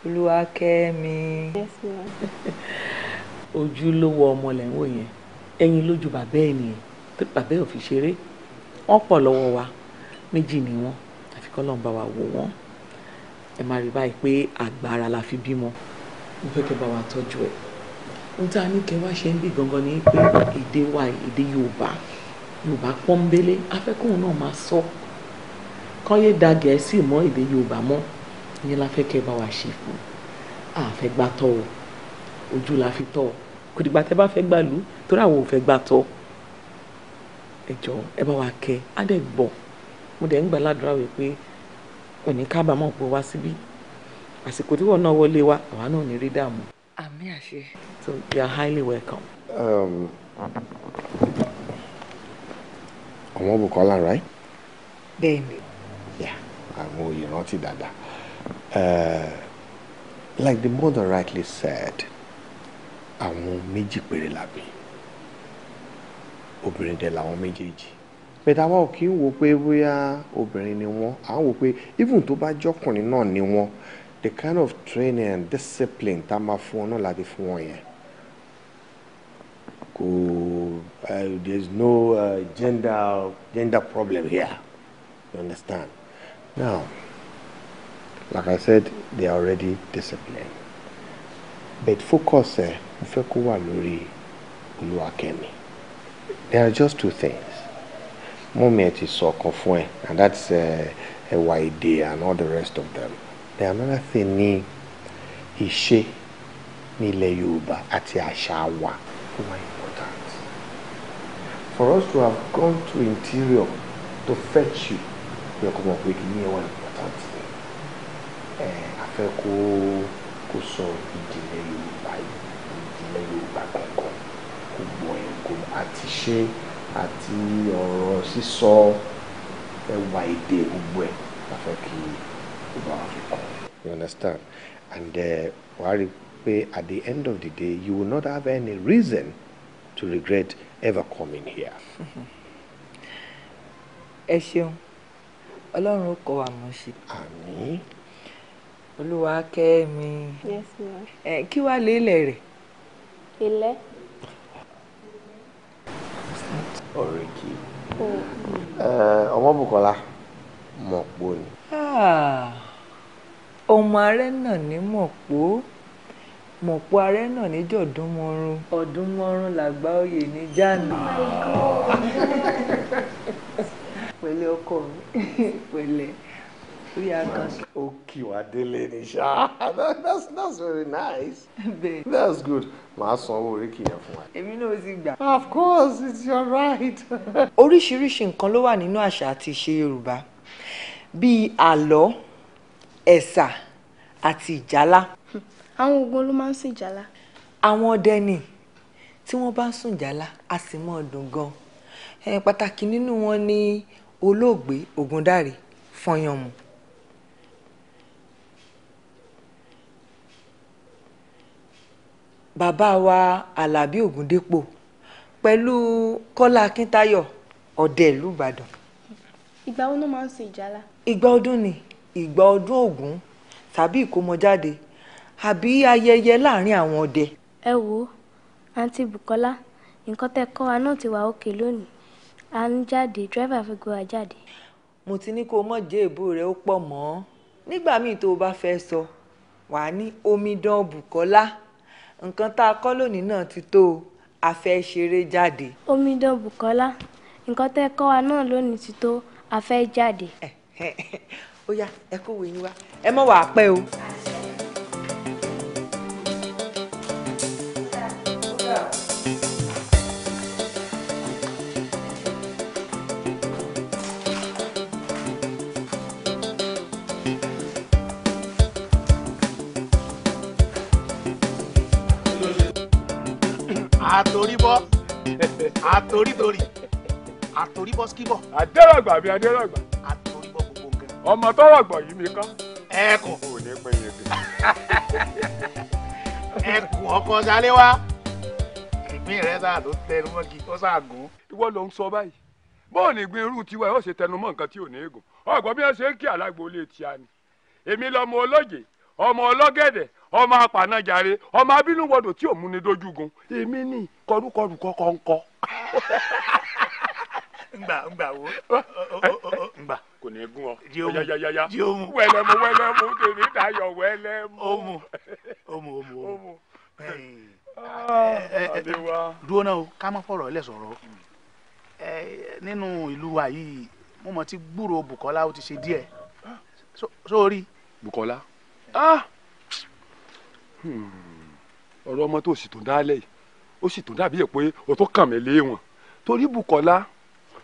olúwa kẹ́mi. yes ma. <laughs> ojúlówó ọmọ lẹ́ ń wò yẹn ẹyin lójú bàbá ẹ nìyẹn tó bàbá ẹ ò fi ṣeré wọ́n pọ̀ lọ́wọ́ wa méjì ni wọ́n àfi kọ́ lọ́n bá wa wò wọ́n ẹ máa rí báyìí pé agbára la fi bímọ mo fẹ́ kẹ́ bá wa tọ́jú ẹ̀ ohun tá a kẹ́ wá ṣe ń bì gangan ni pé èdè wa èdè Yorùbá Yorùbá pọ́nbélé afẹ́kùn náà máa sọ kọ́yé da Gẹ̀ẹ́sì mọ́ èdè Yorùbá mọ́ ìyẹn la fẹ́ kẹ́ bá wa ṣe fún àfẹ́gbàtọ́ ojú la fi tọ́ ọ kò dìgbà tẹ́ bá fẹ́ gbàlú torí àwọn ò fẹ́ gbà tọ́ ẹ jọ ẹ bá wa kẹ́ á dẹ̀ gbọ́ mo dẹ̀ ń gbà ládùúrà wípé òní kábàámọ̀ pé wá síbí àsìkò tí wọn náà wọlé wa àwa náà ní rí dààmú. àmì àṣẹ. so you are highly welcome. Um, ọmọ Bukola right. bẹ́ẹ̀ni. yeah àwọn òye rántí dáadáa uh, like the mother rightly said àwọn méjì péré làbí obìnrin dẹ̀ làwọn méjèèjì bẹ́ẹ̀ àwọn ò kí ń wo pé bóyá obìnrin ni wọ́n à ń wò pé even tó bá jọkùnrin náà ni wọ́n the kind of training and discipline tá a máa fún wọn náà láti fún wọn yẹn kò eh, there is no uh, gender gender problem here you understand now like I said they are already disciplined but focus. Uh, mo fẹ́ kó wà lórí Olúwakẹ́mi there are just two things mọ́mí ẹ ti sọ ọkàn fún ẹ and that's eh, ẹwà uh, èdè and all the rest of them the another thing ni ìṣe ní ilẹ̀ Yorùbá àti àṣà wa ó oh important for us to have gone to interior to fetch you yẹ kó mọ̀ pé kì í ní ẹwà important ẹ eh, afẹ́ kó kó sọ ìdí ìgbà kankan kò gbọ̀yìn kò àti ṣe àti ọ̀rọ̀ sísọ ẹwà èdè gbogbo ẹ̀ la fẹ́ kí gbogbo àwọn fi kọ́. you understand and eh, wàá pé at the end of the day you will not have any reason to regret ever coming here. ẹ ṣeun ọlọ́run ó kọ́ wa mọ̀ sí. àmín. olúwa kẹ́ mi. yes ma. ẹ kí wàá lélẹ̀ rẹ̀. Ilé. Oriki. Ọmọ Bùkọ́lá mọ̀ pó ni. Ah, ọmọ arẹ náà ní mọ̀ pó. Mọ̀ pó arẹ náà ní jọ̀dúnmọ́rún. Ọ̀dúnmọ́rún làgbà oyè ní jáàmù. Oh <laughs> pẹ̀lẹ́ ọkọ mi, <laughs> pẹ̀lẹ́. Yeah, because. Okay, Wadele Nisha. That, that's that's very nice. that's good. Màá san owó orí kìí yẹn fún wa. Èmi náà sì gbà. Of course, it's your right. <laughs> Oríṣiríṣi nǹkan ló wà nínú àṣà àti ìṣe Yorùbá bíi àlọ́, ẹ̀sà àti ìjálá. Àwọn ogun ló máa ń sìn ìjálá. Àwọn ọdẹ ni tí wọ́n bá ń sùn ìjálá a sì mọ́ ọdún gan Pàtàkì nínú wọn ni olóògbé Ògúndáre Fọyànmù. bàbá wa alábí ògúndépò pẹ̀lú kọ́lá akíntayọ̀ ọ̀dẹ ìlú ìbàdàn. ìgbà wo ló máa ń ṣe ìjálá. ìgbà ọdún ni ìgbà ọdún ògún tàbí ìkómọjáde àbí ayẹyẹ láàrin àwọn ọdẹ. ẹ wo àǹtí bukola nǹkan tẹ kọ́ wa náà ti wà òkè lónìí à ń jáde dírẹ́fà fi gbé wa jáde. mo ti ní kó o mọ̀ jẹ́ èbó rẹ̀ ó pọ̀ mọ́ nígbà míì tó o bá fẹ́ sọ wàá ní omidan bukola nǹkan tá a kọ́ lónìí náà ti tó o a fẹ́ ṣeré jáde. omidan Bùkọ́lá nǹkan tẹ́ kọ́ wa náà lónìí ti tó a fẹ́ jáde. <laughs> ó yá ẹ kó wèé yín wá ẹ mọ̀ wàá pẹ́ o. Yeah. àtòríbọ́ àtòrítorí àtòríbọ́ skibọ̀. àdérògbà bíi àdérògbà. àtòríbọ́ gbogbo nǹkan. ọmọ tọrọgbọ yìí mi kán. ẹ kò. kò ní pẹ́ yẹn kì. ẹ kù ọkọ Ṣaléwá ìgbín rẹ sáà ló tẹnu mọ́ kí ó sáà gùn. ìwọ ló ń sọ báyìí bóun ní ìgbín irú tiwa yóò ṣe tẹnu mọ́ nǹkan tí ò ní í gùn ọgbọ́n bí wọ́n ṣe ń kí alágbó lè tíya ni èmi lọmọ olóje ọmọ ọlọ́gẹ̀dẹ̀ ọmọ apànájàre ọmọ abínúwọdò tí òun ni dojúgun èmi ni kọrúkọrù kọkọ ń kọ. n'gba wo n'gba. kò ní gún ọ yáyáyáyá wẹlẹmu wẹlẹmu tèmi dayọ wẹlẹmu. omu omu omu omu ah, dúró náà o ká má fọ̀rọ̀ ẹ lẹ̀ nínú ìlú wa yìí mo mọ̀ ti gbúròó Bùkọ́lá ó ti ṣe díẹ̀ sórí. Bùkọ́lá. Ah! Hmm. ọ̀rọ̀ ọmọ tó sì tún dálẹ̀ yìí ó sì tún dàbí ẹ̀ pé o tó kàn mí lé wọn torí Bùkọ́lá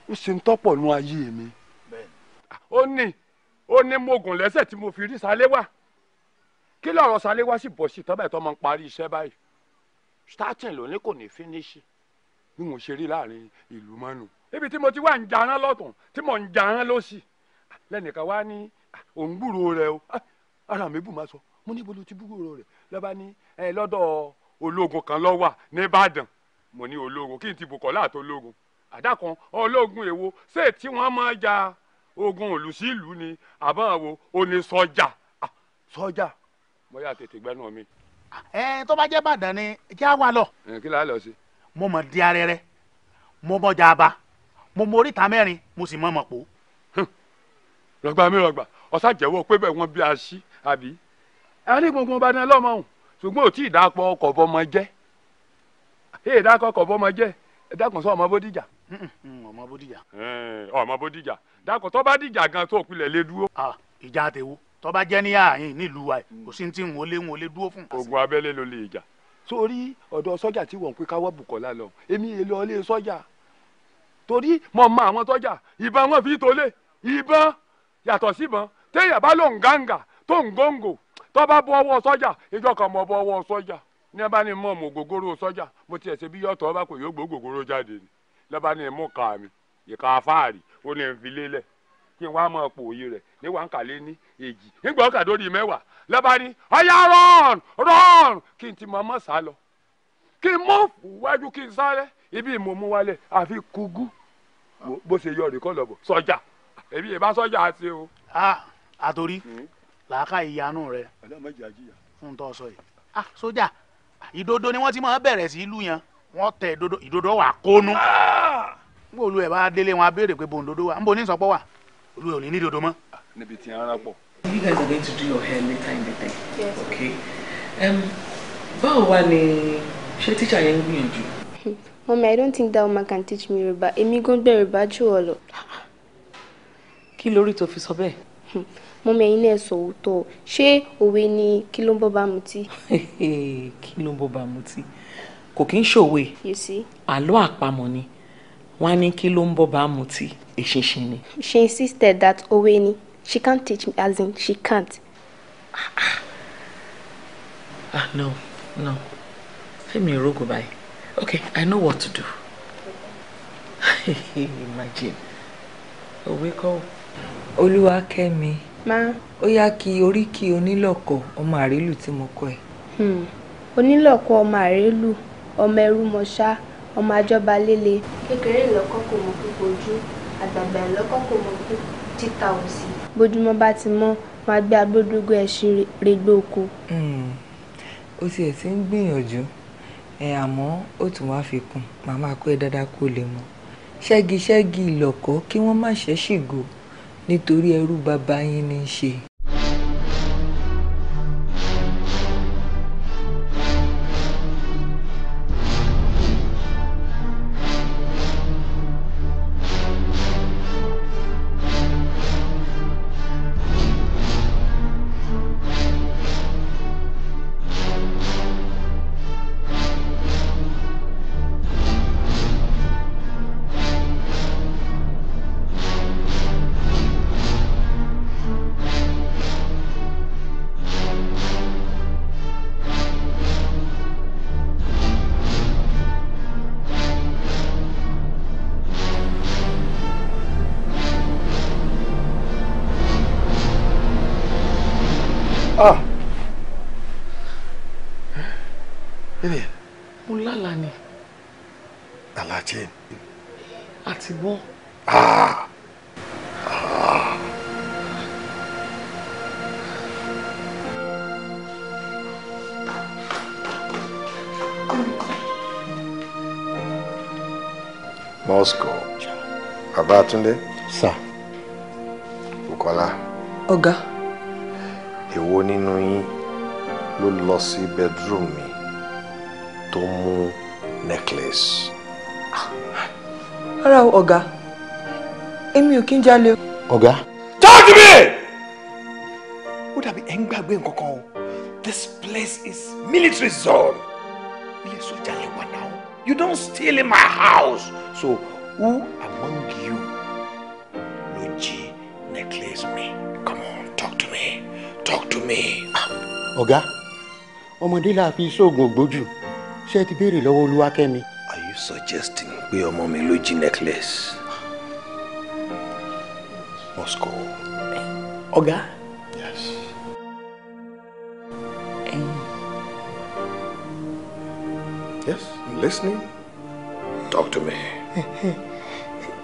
ó ṣe ń tọ́pọ̀ nu ayé mi ó ní ó ní mogun lẹ́sẹ̀ tí mo fi rí Saléwà kí lọ́rọ̀ Saléwà sì bọ̀ sí tọ́bẹ̀ tó máa ń parí iṣẹ́ báyìí starting lónìí kò ní fínísì bí mo ṣe rí láàrin ìlú mọ́nù ibi tí mo ti wà ń jarán lọ́tún tí mo ń jarán lọ́sì lẹ́nìkan wá ní òǹgbùrò rẹ o ara mi bù máa sọ mo níbo ló ti búrò rẹ̀ lọ́ba ní ẹ lọ́dọ̀ ológun kan ló wà nìbàdàn mo ní ológun kí n ti bùkọ́ láàtọ̀ ológun àdàkàn ológun èwo ṣé tí wọ́n máa ja ogun ìlú sí ìlú ni àbọ̀n wo ó ní sọ́jà ah, sọ́jà mo yà tètè gbẹ́nu mi. ẹ tó bá jẹ́ bàdàn ni kí á wà lọ. kí la lọ sí. mo mọ̀ di arẹrẹ mo mọ̀ jaaba mo mọ̀ oríta mẹ́rin mo sì mọ̀ mọ̀ pò. rọgbà mi rọgbà ọ̀sà jẹ́wọ́ pé bẹ́ẹ̀ wọ́n bí a sí àbí arígungun bá dán lọ́mọ òun ṣùgbọ́n ò tí ì dápọ̀ ọkọ̀ bọ́mọ jẹ́ èè dákọ̀ ọkọ̀ bọ́mọ jẹ́ ẹ dákun sọ ọmọ bódìjà. Hmm, ọmọ bódìjà. ọmọ bódìjà dákun tó bá dìjà gan tó pilẹ̀ lé dúró. ìjà àtẹwò tó bá jẹ́ ní ààyìn nílùú wa kò sí ti ń wọlé ń wọlé dúró fún. ogun abẹ́lé ló lè jà. sórí ọ̀dọ̀ sọ́jà tí wọ́n ń pè káwọ́ Bùkọ́lá lọ èmi èlò ọlé sọ́jà torí mo mọ àwọn tọ́jà ìbọn wọn fi tolé ìbọn yàtọ̀ síbọn téèyàn bá lòun gàǹgà tongongo tó bá bọ́ ọwọ́ sọ́jà ìjọ kan mọ̀ bọ́ ọwọ́ sọ́jà ní ẹ bá ní mọ̀ mọ̀ sọ́jà mo ṣe bí yọ̀tọ̀ ọba yóò ni lọ́ba ní mú kà mí ìka afáàrí ó ní fi lélẹ̀ kí n wá mọ̀ pò òye rẹ̀ ní wà ń ní èjì nígbà n lọ kí n mọ̀ wájú ibi wálẹ̀ àfi kúgú bó ṣe lọ́bọ̀ sọ́jà èmi a ah, làákà ìyanu rẹ fún tó sọ yìí ah sójà ìdodo ni wọ́n ti máa bẹ̀rẹ̀ sí ìlú yẹn wọ́n tẹ ìdodo ìdodo wà kónú ah! níbo olú ẹ̀ bá délé wọn á béèrè pé bòǹdodo wa níbo ní ìsọpọ̀ wà olú ẹ̀ ò ní ní ìdodo ah, níbi tí ara pọ̀. you guys are going to do your hair later in the day. yes okay. Um, báwo wá ni ṣé tíṣà yẹn ń gbìyànjú. <laughs> Mommy, I don't think that woman can teach me Yorùbá. Èmi gan gbé Yorùbá jù ọ lọ. Kí lórí tó fi sọ bẹ́ẹ̀? <laughs> mọ́mí ẹ̀yin náà sọ òótọ́ ṣé òwe ni kí ló ń bọ́ bá mutí. <laughs> kí ló ń bọ́ bá mutí kò kí ń ṣòwe àlọ́ àpamọ̀ ni wọ́n á ní kí ló ń bọ́ bá mutí èṣinṣin ni. she insisted that òwe ni she can't teach me as in she can't. ah no no fẹ́mi ìrógò báyìí okay i know what to do <laughs> imagine òwe kọ́ olúwa kẹ́mi má. ó yá kí oríkì onílọ̀kọ̀ ọmọ àrélù tí mo kọ ẹ̀. Hmm. onílọ̀kọ̀ ọmọ àrélù ọmọ ẹrú mọṣá ọmọ àjọba líle. kékeré ìlọ́kọ̀ kò mọ pípo ojú àgbààgbà ìlọ́kọ̀ kò mọ pípo títa òsì. bójúmọ́ bá ti mọ́ máa gbé agbódógó ẹṣin regbé oko. Hmm. ó tiẹ̀ ti ń gbìyànjú ẹ àmọ́ ó tún wáá fi kún màmá kó ẹ dáadáa kó lè mọ̀ ṣẹ́gi ṣẹ́gi ìlọ̀kọ̀ kí wọ́n má ṣe ṣìgò nítorí ẹrú baba yín ní í ṣe bébè. mo lálàá ni. alájẹ ni. àti wọn. Ah. Moscow. Bàbá Túndé. Sà. Bukola. Ọ̀gá. Èwo nínú yín ló lọ sí bedroom mi? tó mú necklace. rárá o ọ̀gá èmi ò kí ń jalè. ọ̀gá. talk to me. ó dàbí ẹ̀ ń gbàgbé nǹkan o this place is military zone ilé sójà lè wà náà you don't steal in my house so who among you ló jí necklace mi come on talk to me talk to me. ọ̀gá ọmọdé làá fi sóògùn ògbójú ṣé ti béèrè lọ́wọ́ olúwakẹ́mi. are you suggesting pé ọmọ mi ló jí necklace. moscow. ọ̀gá. yes. Um. yes i'm listening talk to me.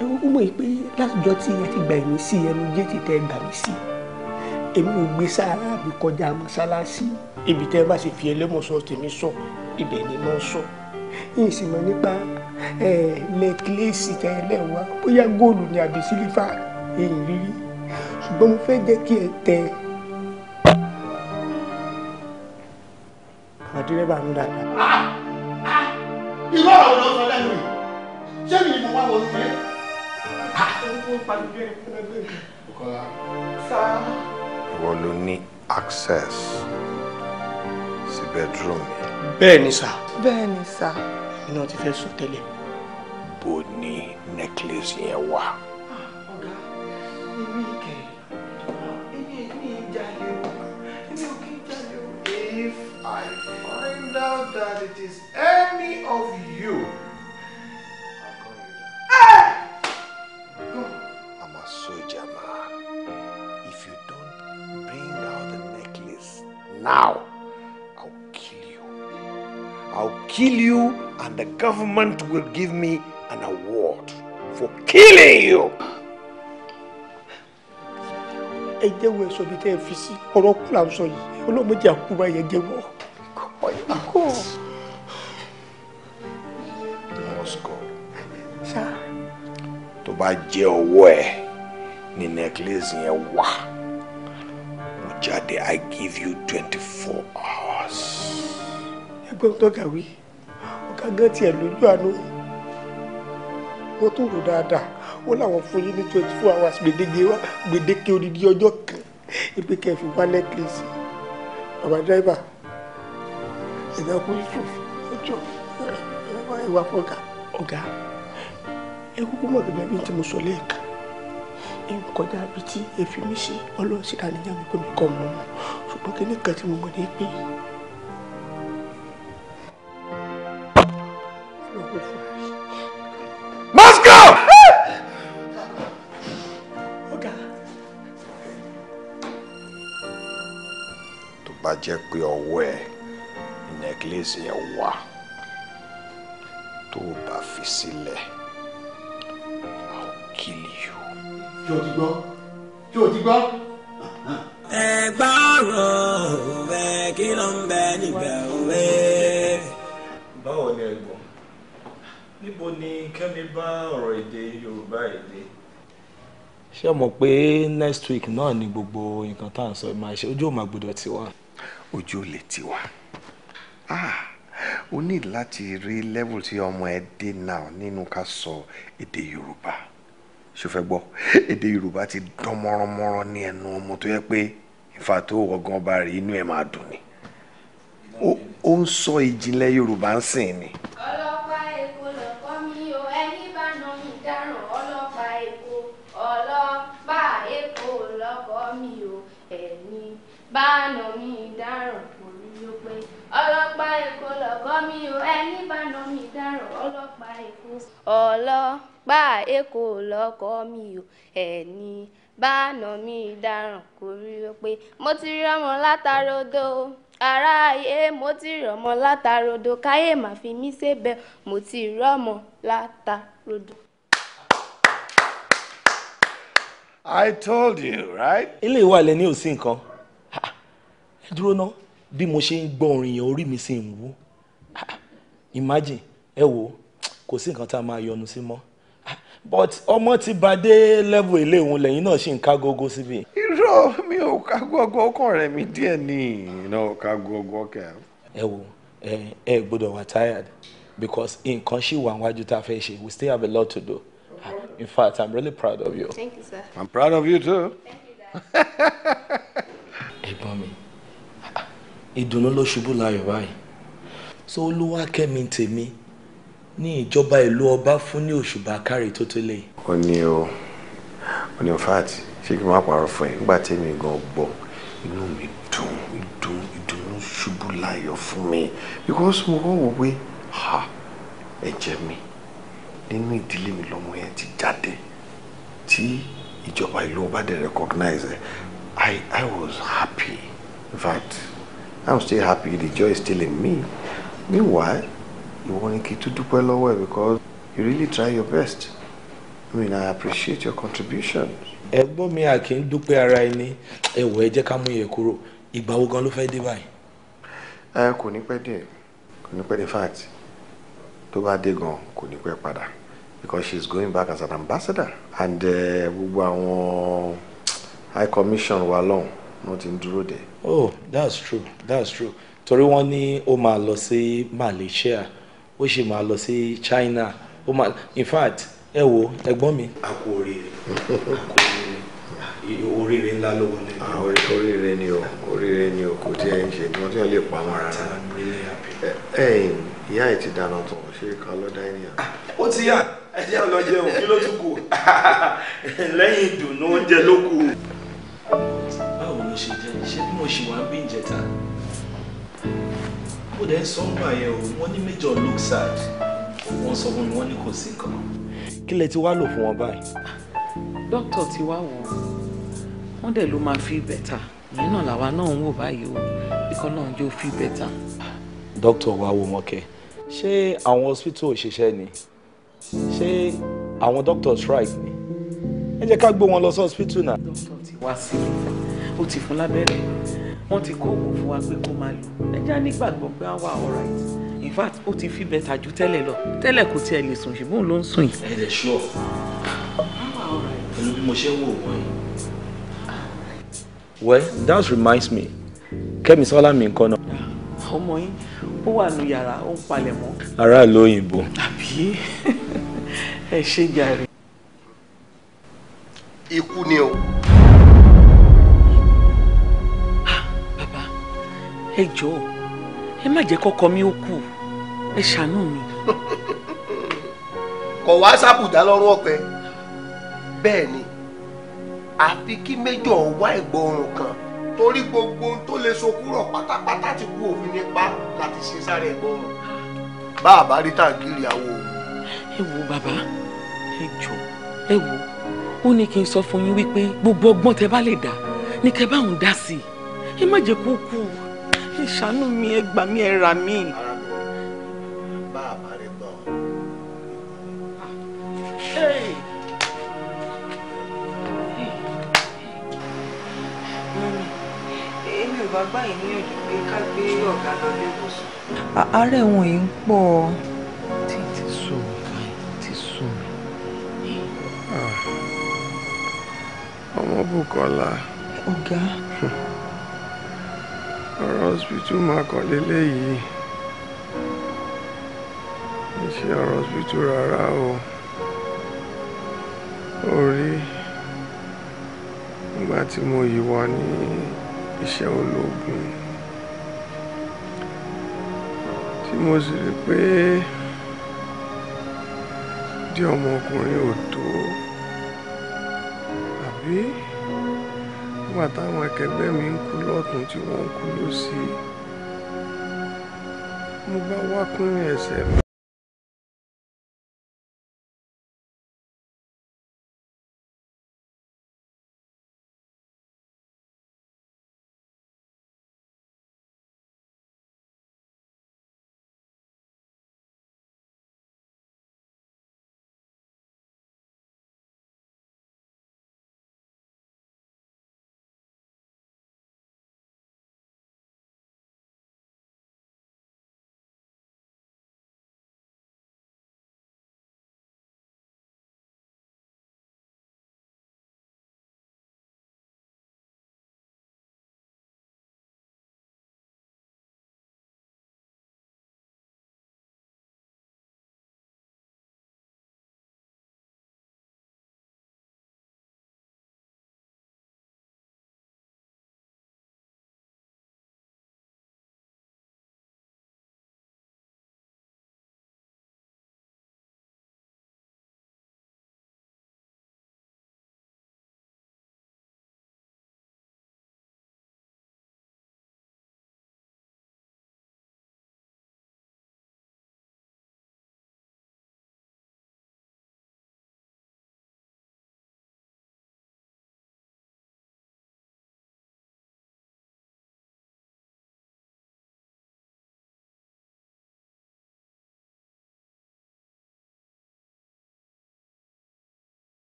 ó mọ̀ pé látijọ́ tí ẹ ti gbà mí sí ẹnu jẹ́ ti tẹ́ gbà mí sí èmi ò gbé sáárà mi kọjá mọ́sálásí ibi tẹ́ bá sì fi ẹlẹ́mọ̀sán tèmi sọ. So ibẹ̀ ni mo ń sọ yìí sì mọ̀ nípa nẹkílẹ́sì tẹ́lẹ̀ wá bóyá góòlù ni àbí sílífà èyí rírí ṣùgbọ́n mo fẹ́ jẹ́ kí ẹ tẹ àwọn ń dáadáa. irú ah! ah! ọ̀rọ̀ wo lẹ́nu yìí ṣé mi ni mo wá wọnú ah! ilé. ìwọ ló ní access sí bedroom mi bẹ́ẹ̀ ni sà. bẹ́ẹ̀ ni sà. èmi náà ti fẹ́ sọ tẹ́lẹ̀. bó ni necklace yẹn wà. Ah, if I find out that it is any of you. Hmm. I'm a soldier man. If you don't bring out the necklace now. I'll kill you and the government will give me an award for killing you. ẹ jẹ́wọ́ ẹ sọ bí tẹ́ ẹ fi sí ọ̀rọ̀ kú là ń sọ yìí ọlọ́mọdé àkúbá yẹn jẹ́wọ́. mosco tó bá jẹ́ ọwọ́ ẹ ní necklace yẹn wà ó jáde I give you twenty four hours gbọ́n tọ́gà wí ọ̀gá gan tiẹ̀ lójú àánú wọ́n tún rò dáadáa ó láwọn fún yín ní twenty four hours gbèdéke wá gbèdéke odidi ọjọ́ kan ibi kẹfì wá nẹ́kìlẹ́sì bàbá dírẹ́bà ẹ̀dá kú ìtù ẹjọ́ ẹwà fọ́gà ọ̀gá ẹ kúkú mọ̀ gẹ́gẹ́ bí n ti mo sọ lẹ́ẹ̀kan ẹ ń kọjá bí tí èéfín mi ṣe ọlọ́run kọ́ mọ́ ṣùgbọ́n kí ní kan tí mo mọ̀ ní pé ọ́fíìsì yẹn wá tó bá fi sílẹ̀ I kill you. yóò ti gbọ́ yóò ti gbọ́. ẹ gbọ́rọ̀ òwe kí ló ń bẹ níbẹ̀ òwe. báwo ni ẹ̀gbọ́n níbo ni kẹ́mi bá ọ̀rọ̀ èdè Yorùbá èdè ṣé mọ̀ pé next week náà ni gbogbo nǹkan tá à ń sọ máa ṣe ojú ò máa gbọdọ̀ tiwa. ojú ò lè tiwa ah o need láti rí level tí ọmọ ẹ dé now nínú ká sọ èdè Yorùbá ṣó fẹ́ gbọ́ èdè Yorùbá ti dán mọ́rànmọ́rán ní ẹnu ọmọ tó yẹ pé ìfà tó ọgán bá rí inú ẹ máa dùn ni ó ń sọ ìjìnlẹ̀ Yorùbá ń sìn ni. ọlọ́pàá èkó lọ́kọ́ mi o ẹni bá nà mí dáràn ọlọ́pàá èkó ọlọ́pàá èkó lọ́kọ́ mi o ẹni bá nà mí dáràn ọlọ́pàá èkó lọ̀gọ́ mi ò ẹni bá nà mí dáràn ọlọ́pàá èkó. ọlọ́pàá èkó lọ̀gọ́ mi ò ẹni bá nà mí dáràn kò rí o pé mo ti rí ọmọ látàródó ara ayé mo ti rí ọmọ látàródó káyé má fi mí ṣébẹ̀ mo ti rí ọmọ látàródó. I told you, right? ilé ìwà ilẹ̀ ní òsín nǹkan ẹ dúró náà bí mo ṣe ń gbọ́ orin yẹn orí mi sì ń wú ah, imagine ẹ wo kò sí nǹkan tá a máa yọnu sí mọ́ ah, but ọmọ ti bá dé level ilé òun lẹ́yìn náà ṣì ń ká gógó síbi. irọ́ mi ò ká gógó ọkàn rẹ̀ mi díẹ̀ ní iná ò ká gógó kẹ́. ẹ wo ẹ ẹ gbọ́dọ̀ wà tired because nǹkan ṣì wà níwájú tá a fẹ́ ṣe we still have a lot to do ah, in fact i'm really proud of you. thank you sir. i'm proud of you too. thank you dad. <laughs> ẹ̀gbọ́n mi ìdùnnú ló ṣubú láyọ̀ báyìí so olúwakẹ́mi tèmi ní ìjọba ìlú ọba fún ní òṣùbà kárì tó tó lè. ó ní o ó ní o fat ṣé kí n má parọ́ fún ẹ nígbà tẹ́mi gan gbọ́ inú mi dùn ìdùn ìdùnnú ṣubú láyọ̀ fún mi because mo kàn wò pé ha ẹ̀jẹ̀ mi nínú ìdílé mi lọ́mọ yẹn ti jáde tí ìjọba ìlú ọba dẹ̀ recognize ẹ I I was happy in fact i'm still happy the joy is still in me meanwhile you want to n tún dúpẹ́ lọ́wọ́ ẹ because you really try your best i mean i appreciate your contribution. ẹ̀gbọ́n mi à kì í dúpẹ́ ara ẹni ẹ̀wọ̀ ẹ jẹ́ ká mú iye kúrò ìgbà wo gan ló fẹ́ dé báyìí. ẹ kò ní pẹ́ dé kò ní pẹ́ dé fact tó bá dé gan kò ní pẹ́ padà because she is going back as an ambassador and we uh, on high commission wa lọ́hùn ni ti ń dúró dé. oh that's true that's true torí wọ́n ní ó máa lọ sí Malaysia ó sì máa lọ sí China ó máa in fact ẹ wo ẹ̀gbọ́n mi. a kú oríire a kú oríire ńlá ló wọlé. Ah, oríire ni o oríire ni o kò tí ẹ ń ṣe tí wọ́n ti lè pa wọn rárá. ẹ ẹ ìyá ẹ ti dáná tán ṣé ká lọ dá ẹni à. ó ti yá ẹ jẹ́ ọ lọ jẹun kí ló tún kù <laughs> lẹ́yìn ìdùnnú oúnjẹ ló kù ló ṣe jẹ́ ṣé bí mo ṣì wá ń bí ìjẹta mo dẹ̀ major look sad wọ́n sọ fún mi wọ́n ní kò sí nǹkan. kí lẹ ti wá lò fún wọn báyìí. dókítà feel better ìyẹn náà làwa náà move by you because ikọ́ náà yóò feel better. Doctor, wa wo wọn She ṣé àwọn hospital òṣìṣẹ́ ni "She, our doctor strike ni And you can't go on lọ hospital now. dókítà ti wá ó ti fún lábẹ́rẹ́ wọ́n ti kó oògùn fún wa pé kó máa lò ẹjẹ́ nígbàgbọ́ pé á wà alright in fact ó ti fi bẹ́tà ju tẹ́lẹ̀ lọ tẹ́lẹ̀ kò tiẹ̀ lè sùn ṣùgbọ́n ló ń sùn yìí. ẹ lè ṣọ pẹ̀lú bí mo ṣe ń wò wọ́n well that reminds me kẹ́mi sọ́lá mi nǹkan náà. ọmọ yín ó wà nù yàrá ó ń palẹ̀ mọ́. aráàlú òyìnbó. àbí <laughs> ẹ ṣe jàre. ikú ni o. ẹ jọ̀ọ́ ẹ má jẹ́ kọ́kọ́ mi ó kú ẹ ṣàánú mi. kò wá sábùdá lọ́rùn ọ̀pẹ bẹ́ẹ̀ ni àfi kí méjọ̀ wá ìgbọràn kan torí gbogbo ohun tó lè sokúrọ̀ pátápátá ti kú òfin nípa láti ṣe sáré ìgbọràn bá a bá rí tàǹkìrì àwo. ẹ wo bàbá ẹ jọ̀ọ́ ẹ wo ó ní kí n sọ fún yín wípé gbogbo ọgbọ́n tẹ bá lè dá ní kẹ bá òun dá sí i ẹ má jẹ́ kó kú ẹ ṣàánú mi ẹ gbà mí ẹ rà mí. bá a máa rí gbọ́. èmi ò bá gbà yín níyànjú pé ká gbé ọ̀gá lọ ilé ìwòsàn. àárẹ̀ wọn yìí ń pọ̀ ọmọ Bùkọ́lá. ọ̀gá. Hmm ọ̀rọ̀ hospital máa kàn lélẹ́yìí kì í ṣe ọ̀rọ̀ hospital rárá o orí nígbà tí mo yìí wá ní iṣẹ́ ológun tí mo sì rí pé di ọmọkùnrin ò tó àbí nígbà táwọn akẹgbẹ́ mi ń kú lọ́tún tí wọ́n ń kú lósì mo bá wá kún ẹsẹ̀ mi.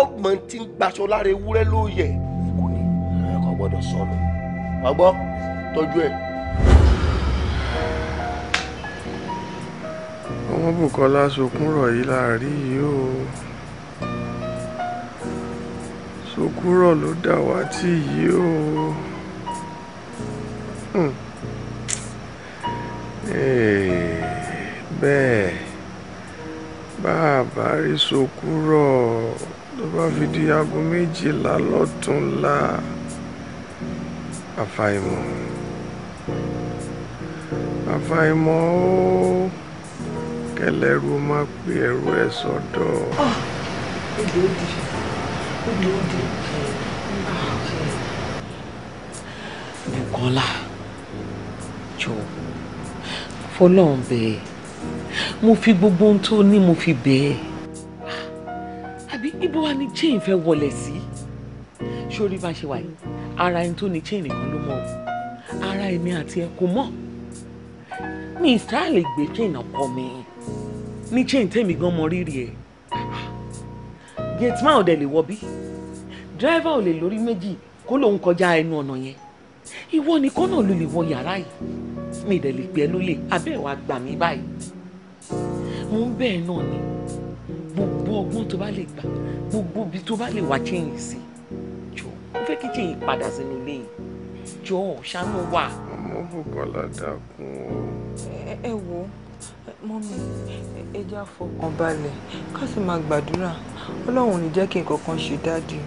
ọgbọ̀n tí ń gbaṣọ lára ewúrẹ́ ló yẹ kò ní ẹ kò gbọ́dọ̀ sọnù wọ́n gbọ́ tọ́jú ẹ̀. ọmọ Bùkọ́lá Sokúnrọ̀ yìí láàrin yìí o Sokúnrọ̀ ló dàwátì yìí o. Hmm. Hey, eh, bẹ́ẹ̀ bá a bá rí Sokúnrọ̀ tó bá fi di aago méjìlá lọ́túnla àfàìmọ̀ àfàìmọ̀ ó kẹlẹ́rú má pe ẹrú ẹ̀ sọ́dọ̀. Ah, odò òdì odò òdì Bùkọ́lá ah, jọ fọlọ́run bẹ́ẹ̀ mo fi gbogbo ohun tó ní mo fi bẹ́ẹ̀ ibo wa ni chain fẹ́ wọlé sí sórí bá ṣe wà yìí ara ẹni tó ní chain nìkan ló mọ̀ ara èmi àti ẹ kò mọ̀ mi ìsá lè gbé chain ọkọ mi ní chain tèmi gan mọ rírì ẹ gate man ò dẹ̀ lè wọ bí driver ò lè lórí méjì kó lòun kọjá ẹnu ọ̀nà yẹn ìwọ nìkan náà ló lè wọ yàrá yìí mi ìdẹ̀ lè pẹ́ lólè abẹ́ wa gbà mí báyìí mo ń bẹ́ẹ̀ náà ni gbogbo ọgbọ́n tó bá lè gbà gbogbo ibi tó bá lè wá chẹ́yìn sí jọ ó fẹ́ kí chẹ́yìn padà sínú ilé yìí jọ ṣàánú wà. ọmọ Bùkọ́lá dákun o. ẹ wo mọ́mí ẹ jẹ́ àfọkàn balẹ̀ ká sì máa gbàdúrà ọlọ́run ní jẹ́ kí n kankan ṣe dáàdì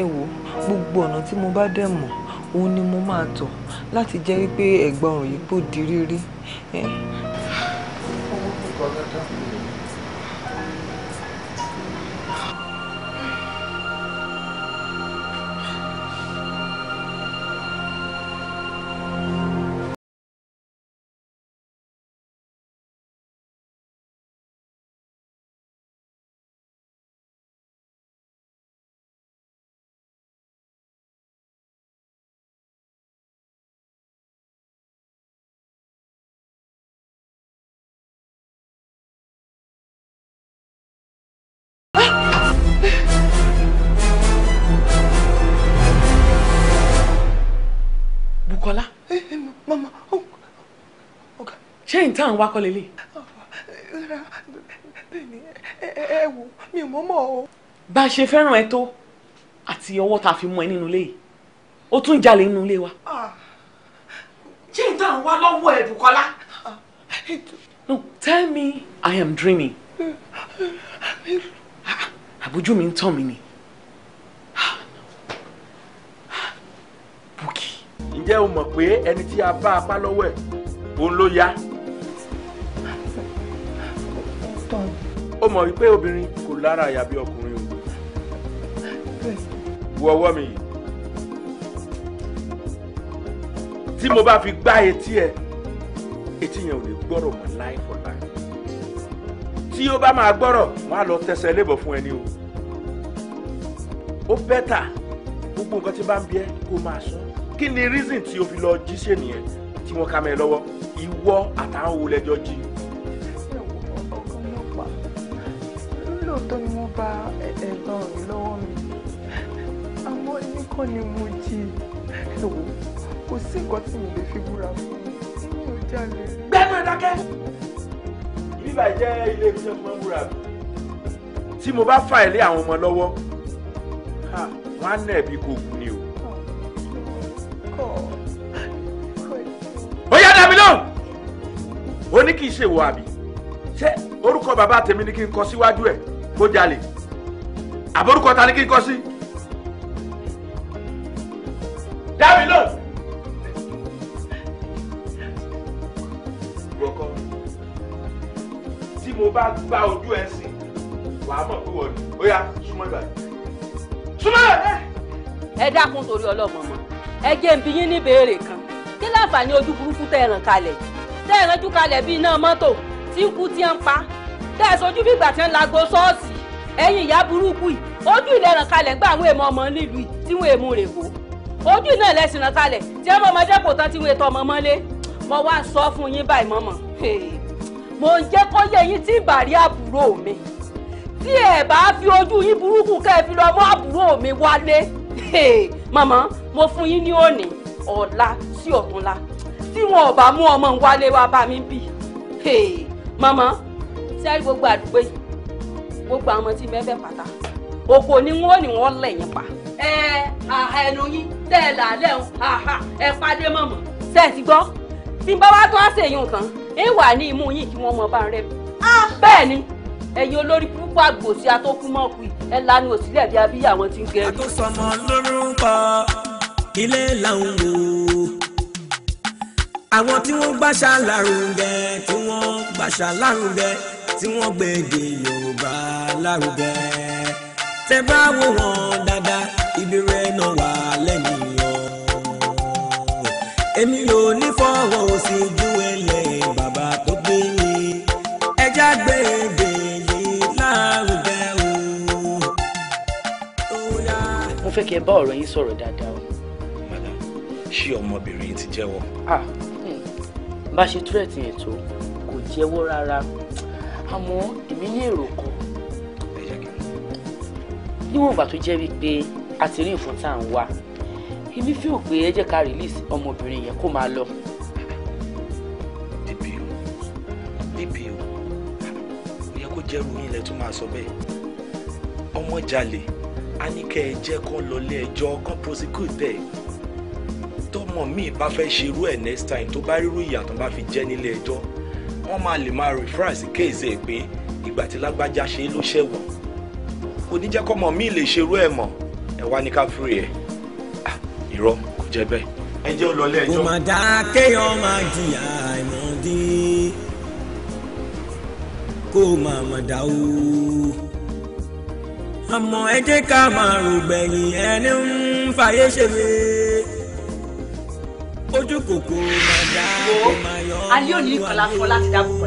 ẹ wo gbogbo ọ̀nà tí mo bá dẹ̀ mọ̀ òun ni mo máa tọ̀ láti jẹ́ wípé ẹ̀gbọ́n ọ̀rọ̀ di rírí. ọmọ Bùkọ́lá dákun. plane tá à ń wá kọ́ lélẹ̀. bẹ́ẹ̀ni ẹ wò mi ò mọ̀ mọ̀ o. bá a ṣe fẹ́ràn ẹ tó àti ọwọ́ tá a fi mú ẹ nínú ilé yìí ó tún jalè nínú ilé wa. jane ah. tá à ń wá lọ́wọ́ ẹ̀ no tell me I am dreaming. àbújú mi ń tàn mí ni. Bukky. ǹjẹ́ o mọ̀ pé ẹni tí a bá apá lọ́wọ́ ẹ̀ òun ló yá tán. ó mọ̀ wípé obìnrin kò lára àyà bí ọkùnrin o. wo ọwọ́ mi yìí. tí mo bá fi gbá etí ẹ etí yẹn ò lè gbọ́rọ̀ mọ́ láì fọ̀ láì. tí ó bá máa gbọ́rọ̀ wọ́n á lọ tẹsẹ̀ lébọ̀ fún ẹni o. ó bẹ́tà gbogbo nǹkan tí bá ń bí ẹ kó máa sún kí ni reason tí o fi lọ jíṣẹ́ nìyẹn tí wọ́n ká mẹ́ lọ́wọ́ ìwọ àtàwọn olẹ́jọ́ jí lóòótọ́ ni wọ́n bá ẹ̀gbọ́n mi lọ́wọ́ mi àmọ́ èmi kọ́ ni mo jí ẹ̀wò kò sí nǹkan tí mi lè fi búra fún mi ò jalè rí. gbẹ́nu ẹ dákẹ́. bíbá jẹ́ ilé iṣẹ́ fún búra mi tí mo bá fà ẹ́ lé àwọn ọmọ lọ́wọ́ wọ́n á nà ẹ̀bí kò kú ni o. ó yá dá lóhùn ó ní kì í ṣèwọ àbí ṣé orúkọ bàbá tèmi ni kí n kọ síwájú ẹ̀ kó jalè àbórúkọ ta ni kí n kọ sí. dábì lò. gbọ́kọ́ tí mo bá gba ojú ẹ̀ sí wàá mọ̀ pé wọ́n ní ó yá súnmọ́ ìgbà yìí. súnmọ́ ẹ̀. ẹ dákun torí ọlọ́mọ mọ́ ẹ jẹ́ n bi yín ní ìbéèrè kan kí láǹfààní ojú burúkú tẹ̀ ràn kalẹ̀ tẹ̀ ràn jù kalẹ̀ bíi iná mọ́tò tí kú tí ń pa tẹ́ ẹ sojú fìgbà tí ń lago ṣọ́ọ̀ṣì ẹ̀yin ìyá burúkú yìí ojú ìlẹ̀ràn kalẹ̀ gbà àwọn èèmọ̀ ọmọ nílùú yìí tí wọ́n èèmù rè wò ojú náà lẹ́sìn ràn kalẹ̀ tí ẹ mọ ọmọdé kò tán tí wọ́n ètò ọmọ mọ́lé mo wá sọ fún yín báyìí mọ́mọ́ mo ń jẹ́ kó yé yín tí ìbàrí àbúrò mi tí ẹ bá fi ojú yín burúkú kẹ́ ẹ fi lọ mọ́ àbúrò mi wálé mọ́mọ́ mo fún yín ní òní ọ̀la sí ọ̀túnla tí wọn ò bá mú ọmọ wálé wá bá mi bì mọ́mọ́ sẹ́rí gbogbo àdúgbò yìí gbogbo àwọn ọmọ tí mẹ́fẹ́ pátá òkò ni wọ́n ní wọ́n lẹ̀yìn pa. ẹ ẹnu yín tẹ ẹ làálẹ̀ ẹ pàdé mọ̀mọ́. ṣe ti gbọ́ tí bá wá tó àṣeyún kan ń wà ní imú yìí kí wọ́n mọ bá ń rẹ́ mi. bẹ́ẹ̀ ni ẹ̀yin olórí púpọ̀ àgbòsí atókùn mọ́ ọkùnrin ẹ lanu òsílẹ̀ bí abíyá àwọn tí ń gẹ̀rù. àtúnṣọmọ lórúkọ ilé làwọn wò àwọn tí wọ́n gbàṣà lárugẹ tí wọ́n gbàṣà lárugẹ tí wọ́n gbé èdè Yorùbá lárugẹ tẹ bá wò wọ́n dáadáa ibi rẹ̀ náà wà lẹ́yìn ọ̀ èmi ò ní fọwọ́ sí ju ẹlẹ́ bàbá tó gbé mi ẹja gbé èdè yìí lárugẹ o. mo fẹ́ kí ẹ bá ọ̀rọ̀ yín sọ̀rọ̀ dáadáa o. madam ṣé ọmọbìnrin ti jẹ́wọ́. Ah, hmm. bá a ṣe túrẹ̀tì yẹn kò jẹ́wọ́ rárá àmọ́ èmi ní èrò kan níwọ̀n ìgbà tó jẹ́ wípé a ti rí ìfún tá à ń wá èmi fi hàn pé ẹ jẹ́ ká release ọmọbìnrin yẹn kó máa lọ. DPO DPO ó yẹ kó jẹ́rù yín lẹ tún máa sọ bẹ́ẹ̀ ọmọ jalè a ní kẹ́ ẹ jẹ́ kán lọlé ẹjọ́ kán prosecute ẹ̀ tọmọ míì bá fẹ́ ṣerú ẹ̀ next time tó bá rírú ìyà tó bá fi jẹ́ nílé ẹjọ́ wọ́n máa lè máa refer sí kéèzé ẹ̀ pé ìgbà tí lágbájá ṣe ló ṣẹ̀wọ̀n kò ní jẹ́ kọ́mọ mi lè ṣerú ẹ̀ mọ̀ ẹ̀ wá ní ká fúri ẹ̀ ah, irọ́ kò jẹ́ bẹ́ẹ̀ ẹ jẹ́ ó lọlé ẹjọ́. kò mà dá kéèyàn máa jìyà ìmọ̀dí kó má mà dá o àmọ́ ẹ jẹ́ ká máa rò gbẹ̀yìn ẹni ń fàyè ṣeré ojú kòkòrò mà dá kó má alẹ́ òní nìkan la fọ́ láti dáàbò bò.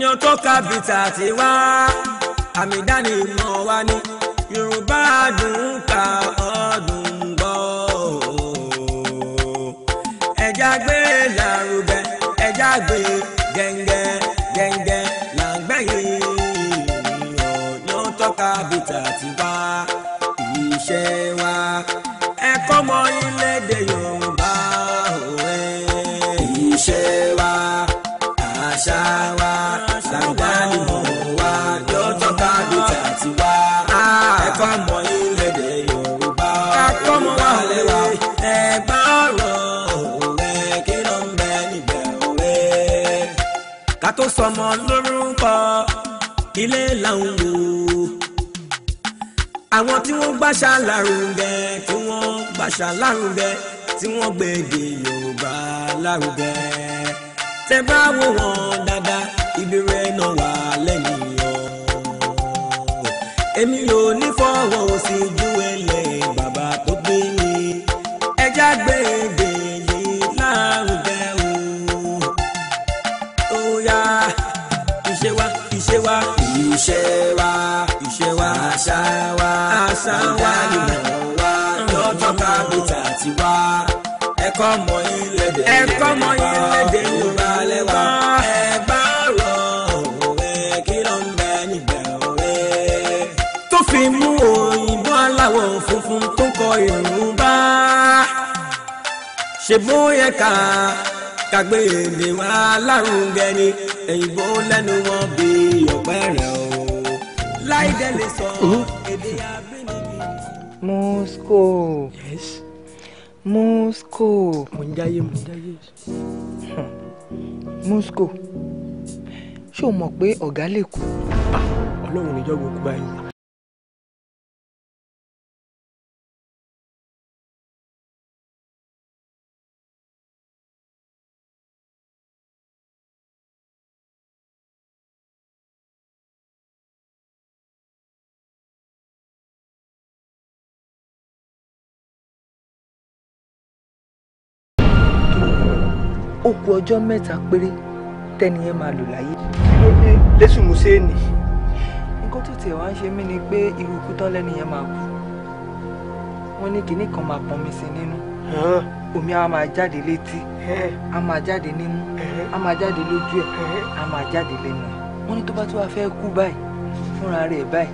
èèyàn tó ka bìtà ti wá àmì ìdánimọ̀ wa ni yorùbá dùn ún ta. ká tó sọmọ lórúkọ ilé làwọn wò àwọn tí wọ́n gbàṣà lárugẹ tí wọ́n gbàṣà lárugẹ tí wọ́n gbèdè Yorùbá lárugẹ tẹ bá wò wọ́n dáadáa ìbéèrè náà wà lẹ́yìn ọ èmi ò ní fọwọ́ sí jù. ti wá ẹ̀kọ́ mọ ilẹ̀ dẹ̀ ẹ̀kọ́ mọ lẹ́wà ẹ̀bá ọ̀rọ̀ òwe kí ló ń bẹ níbẹ̀ òwe. tó fi mú òyìnbó aláwọ̀ funfun tó kọ Yorùbá ṣe bó yẹ ká kàgbé èdè wa lárugẹ ni èyìnbó lẹ́nu wọn bí ọ̀pẹ rẹ̀ o láìdẹ́ sọ èdè abínibí. moscow musco. mo ń jáyé mo ń jáyé. <laughs> musco ṣé o mọ̀ pé ọ̀gá lè kú. Ah, ọlọ́run níjọ́ gbogbo báyìí. ó ku ọjọ́ mẹ́ta péré tẹ́ni yẹn máa lò láyé. kí ló dé lẹ́sùn mùsẹ́ẹ̀nì. nǹkan tó tiẹ̀ wá ń ṣe mí ni pé irú ikú tán lẹ́ni yẹn máa kú wọ́n ní kinní kan máa pọnmi sí nínú omi a máa jáde létí a máa jáde nímú a máa jáde lójú ẹ̀ a máa jáde lẹ́nu wọ́n ní tó bá tó wá fẹ́ kú báyìí fúnra rẹ̀ báyìí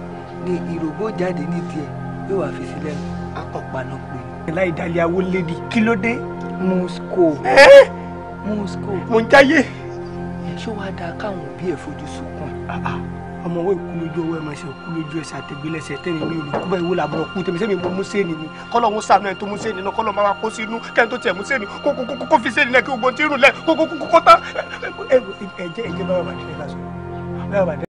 ni ìrògbò jáde ní tiẹ̀ yóò wá fi sílẹ̀ akọ̀pànà pè. láì dalẹ̀ awó lédi kí ló dé. musco. Eh? mú school. mo ń jáyé. ṣé wàá dáa káwọn òbí ẹ̀ fojú sunkún ọmọ owó ìkú lójú owó ẹmọ ẹsẹ òkú lójú ẹsẹ àtẹgbẹlẹsẹ tẹni mi ò lè kú báyìí wó làbúrò kú tèmi sẹmi mo mú sẹni ni kọlọ ń sànú ẹ tó mú sẹni náà kọlọ máa wá kó sínú kẹni tó tiẹ̀ mú sẹni kókókókó fi sẹni náà kí gbogbo ti rùn lẹ kókókókó tán ẹjẹ ẹjẹ bá wà bàtí ẹ lásán bá wà bàtí.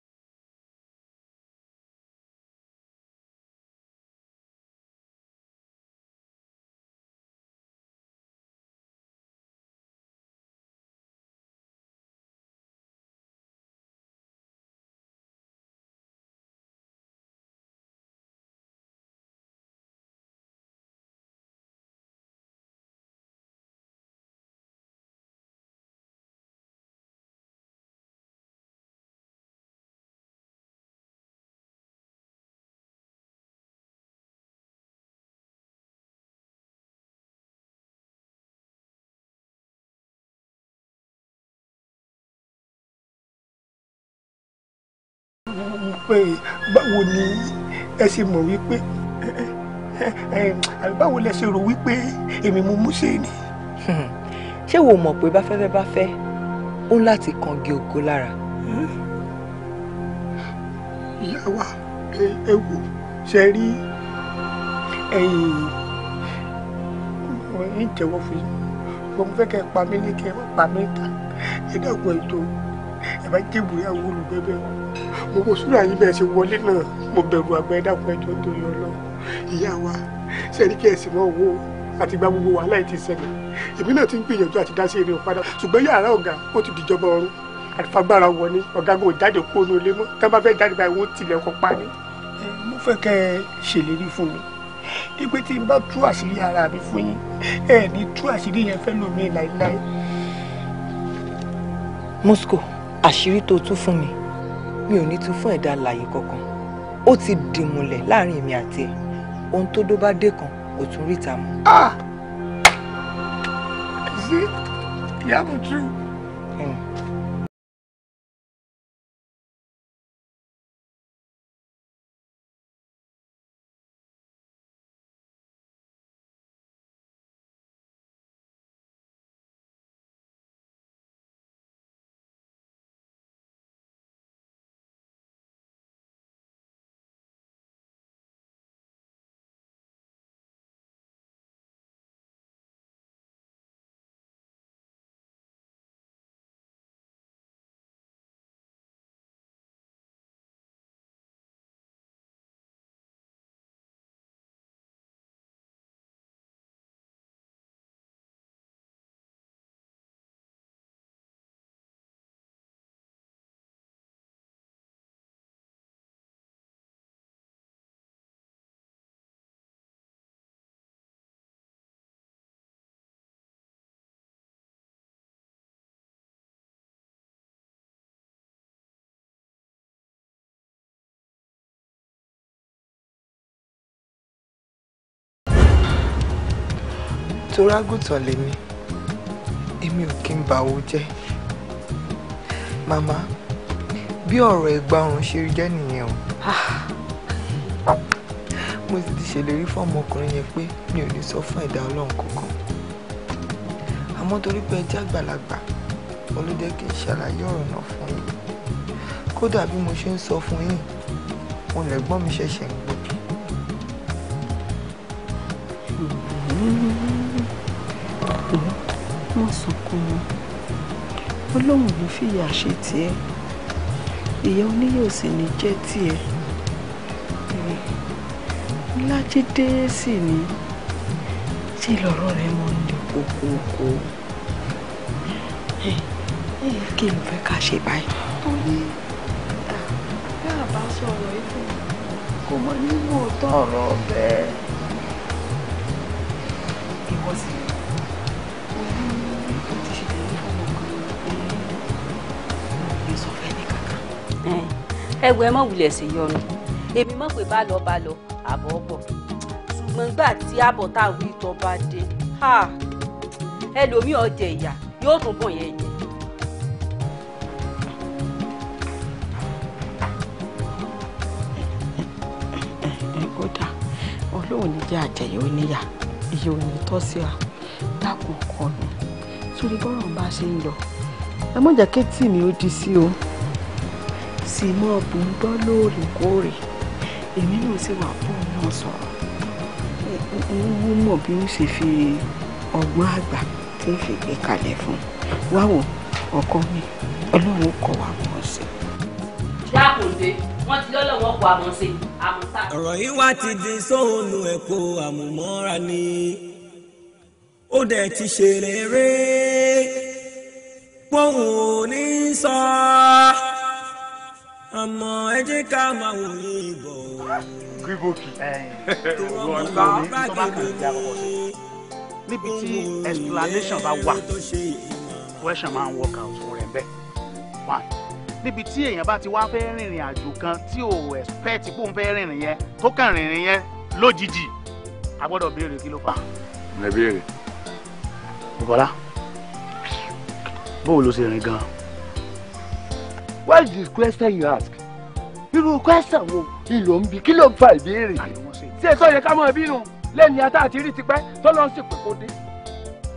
báwo ni ẹ ṣe mọ̀ wípé báwo lẹ ṣe rò wípé èmi mú múṣe ni. Hmm. ṣé wo mọ̀ pé báfẹ́fẹ́ bá fẹ́ ó ń láti kànge ògo lára. ìyá wa ẹ wò ṣe rí ẹ̀yìn ń jẹ́wọ́ fún yín mo fẹ́ kẹ́ ẹ pa mí ní kẹ́ ẹ pa mí ta ẹ dàgbọ́ ètò ẹ bá jẹ́ ìbúyàwó olùgbẹ́bẹ́ wọn mo wo sùúrù àyè bẹ́ẹ̀ ṣe wọlé náà mo bẹ̀rù àgbà ẹ̀dá fún ẹjọ́ tó yọ lọ ìyá wa sẹ́ni kí ẹ̀sìn mọ́ owó àti gba gbogbo wàhálà yìí ti ṣẹlẹ̀ èmi náà ti ń gbìyànjú àti dá sí eré òpadà ṣùgbọ́n yàrá ọ̀gá ó ti dìjọba ọrùn àfagbára wọ ni ọ̀gágun ò jáde kó nu ilé mọ́ tá bá fẹ́ jáde báyìí wọ́n tilẹ̀ kọ́ pa ni. mo fẹ́ kẹ́ ẹ ṣèlérí fún mi ipe tí n bá tú àṣírí ara mi fún yín ẹ ní tú àṣírí yẹn fẹ́ lómi láéláé. mosco àṣírí tó tú fún mi mi ò ní tún fún ẹ̀dá alààyè kankan ó ti dìmùlẹ̀ láàrin èmi àti ẹ̀ ohun tó dó bá dé kan kò tún ríta mọ́. ah is it yàtọ̀ true. torí àgùntàn lèmi èmi ò kí ń bàwò jẹ́ màmá bí ọ̀rọ̀ ẹ̀gbà ọ̀run ṣe rí jẹ́ nìyẹn o <sighs> mo sì ti ṣèlérí fún ọmọkùnrin yẹn pé mi ò ní sọ fún ẹ̀dá ọlọ́run kankan àmọ́ torí pé ẹ jẹ́ àgbàlagbà olóde kì í ṣàlàyé ọ̀rọ̀ náà fún yín kódà bí mo ṣe ń sọ fún yín òun lẹ̀gbọ́n mi ṣẹ̀ṣẹ̀ ń gbọ́ má sunkún wọn ó lóun ló fìyà ṣe tiẹ̀ ìyá oníyẹ̀ ò sì ní jẹ́ tiẹ̀ lájídé sì ni ṣe lọ́rọ̀ rẹ̀ mọ́ ń lè kókókó kí ló fẹ́ ká ṣe báyìí. torí bí àbá sọ̀rọ̀ ìfún kò mọ nínú òótọ́ ọ̀rọ̀ bẹ́ẹ̀. ìwọ sì ẹgbẹ́ mọ̀ wulẹ̀ sí yọnu èmi mọ̀ pé bá lọ bá lọ àbọ̀ bọ̀ ṣùgbọ́n gbà tí àbọ̀ tá a wí tọ́ bá dé ẹlòmíì ọjà ìyà yóò tún bọ̀ yẹn jẹ. kódà olóhùn ní jẹ́ àjẹyẹ oníyà iye òní tọ́ sí wa dákun kọ́ mi sórí bọ́rọ̀ bá ṣe ń lọ ẹ mọ̀jà kétí mi ó di sí o sì máa bù ń gbọ́ lóòrèkóòrè èmi náà sì wà fún náà sọ̀rọ̀ mo mọ̀ bí ó ṣe fi ọgbọ́n àgbà tí fi gbé kalẹ̀ fún wá wò ọkọ mi ọlọ́run kọ̀ wá mọ̀ sí. jákòndé wọn ti lọ́lọ́wọ́ kọ àmọ́ sí ọ̀rọ̀ yìí wá ti di sóònù ẹ̀kọ́ àmúmọ́ra ni ó dẹ̀ ti ṣèlérí póun ò ní sọ ọmọ ẹ ká máa wòye ìbọ̀. gígbókì tó wọ́n mú un ní. níbi tí explanation bá wà question máa ń work out fún rẹ̀ bẹ́ẹ̀ one níbi tí èèyàn bá ti wá fẹ́ rìnrìn àjò kan tí ò expect kó ń fẹ́ rìnrìn yẹn tó kàn rìnrìn yẹn lójijì a gbọ́dọ̀ béèrè kí ló fà. ẹ béèrè. bọ́lá bó o ló ṣe rìn gan-an what is the question you ask irú question wo ìlò ń bi kí ló ń fa ìbéèrè ṣé ètò yẹ ká mọ bínú lẹ́ni ata àti rí tipẹ́ tọ́lọ́ ń sì pé kó dé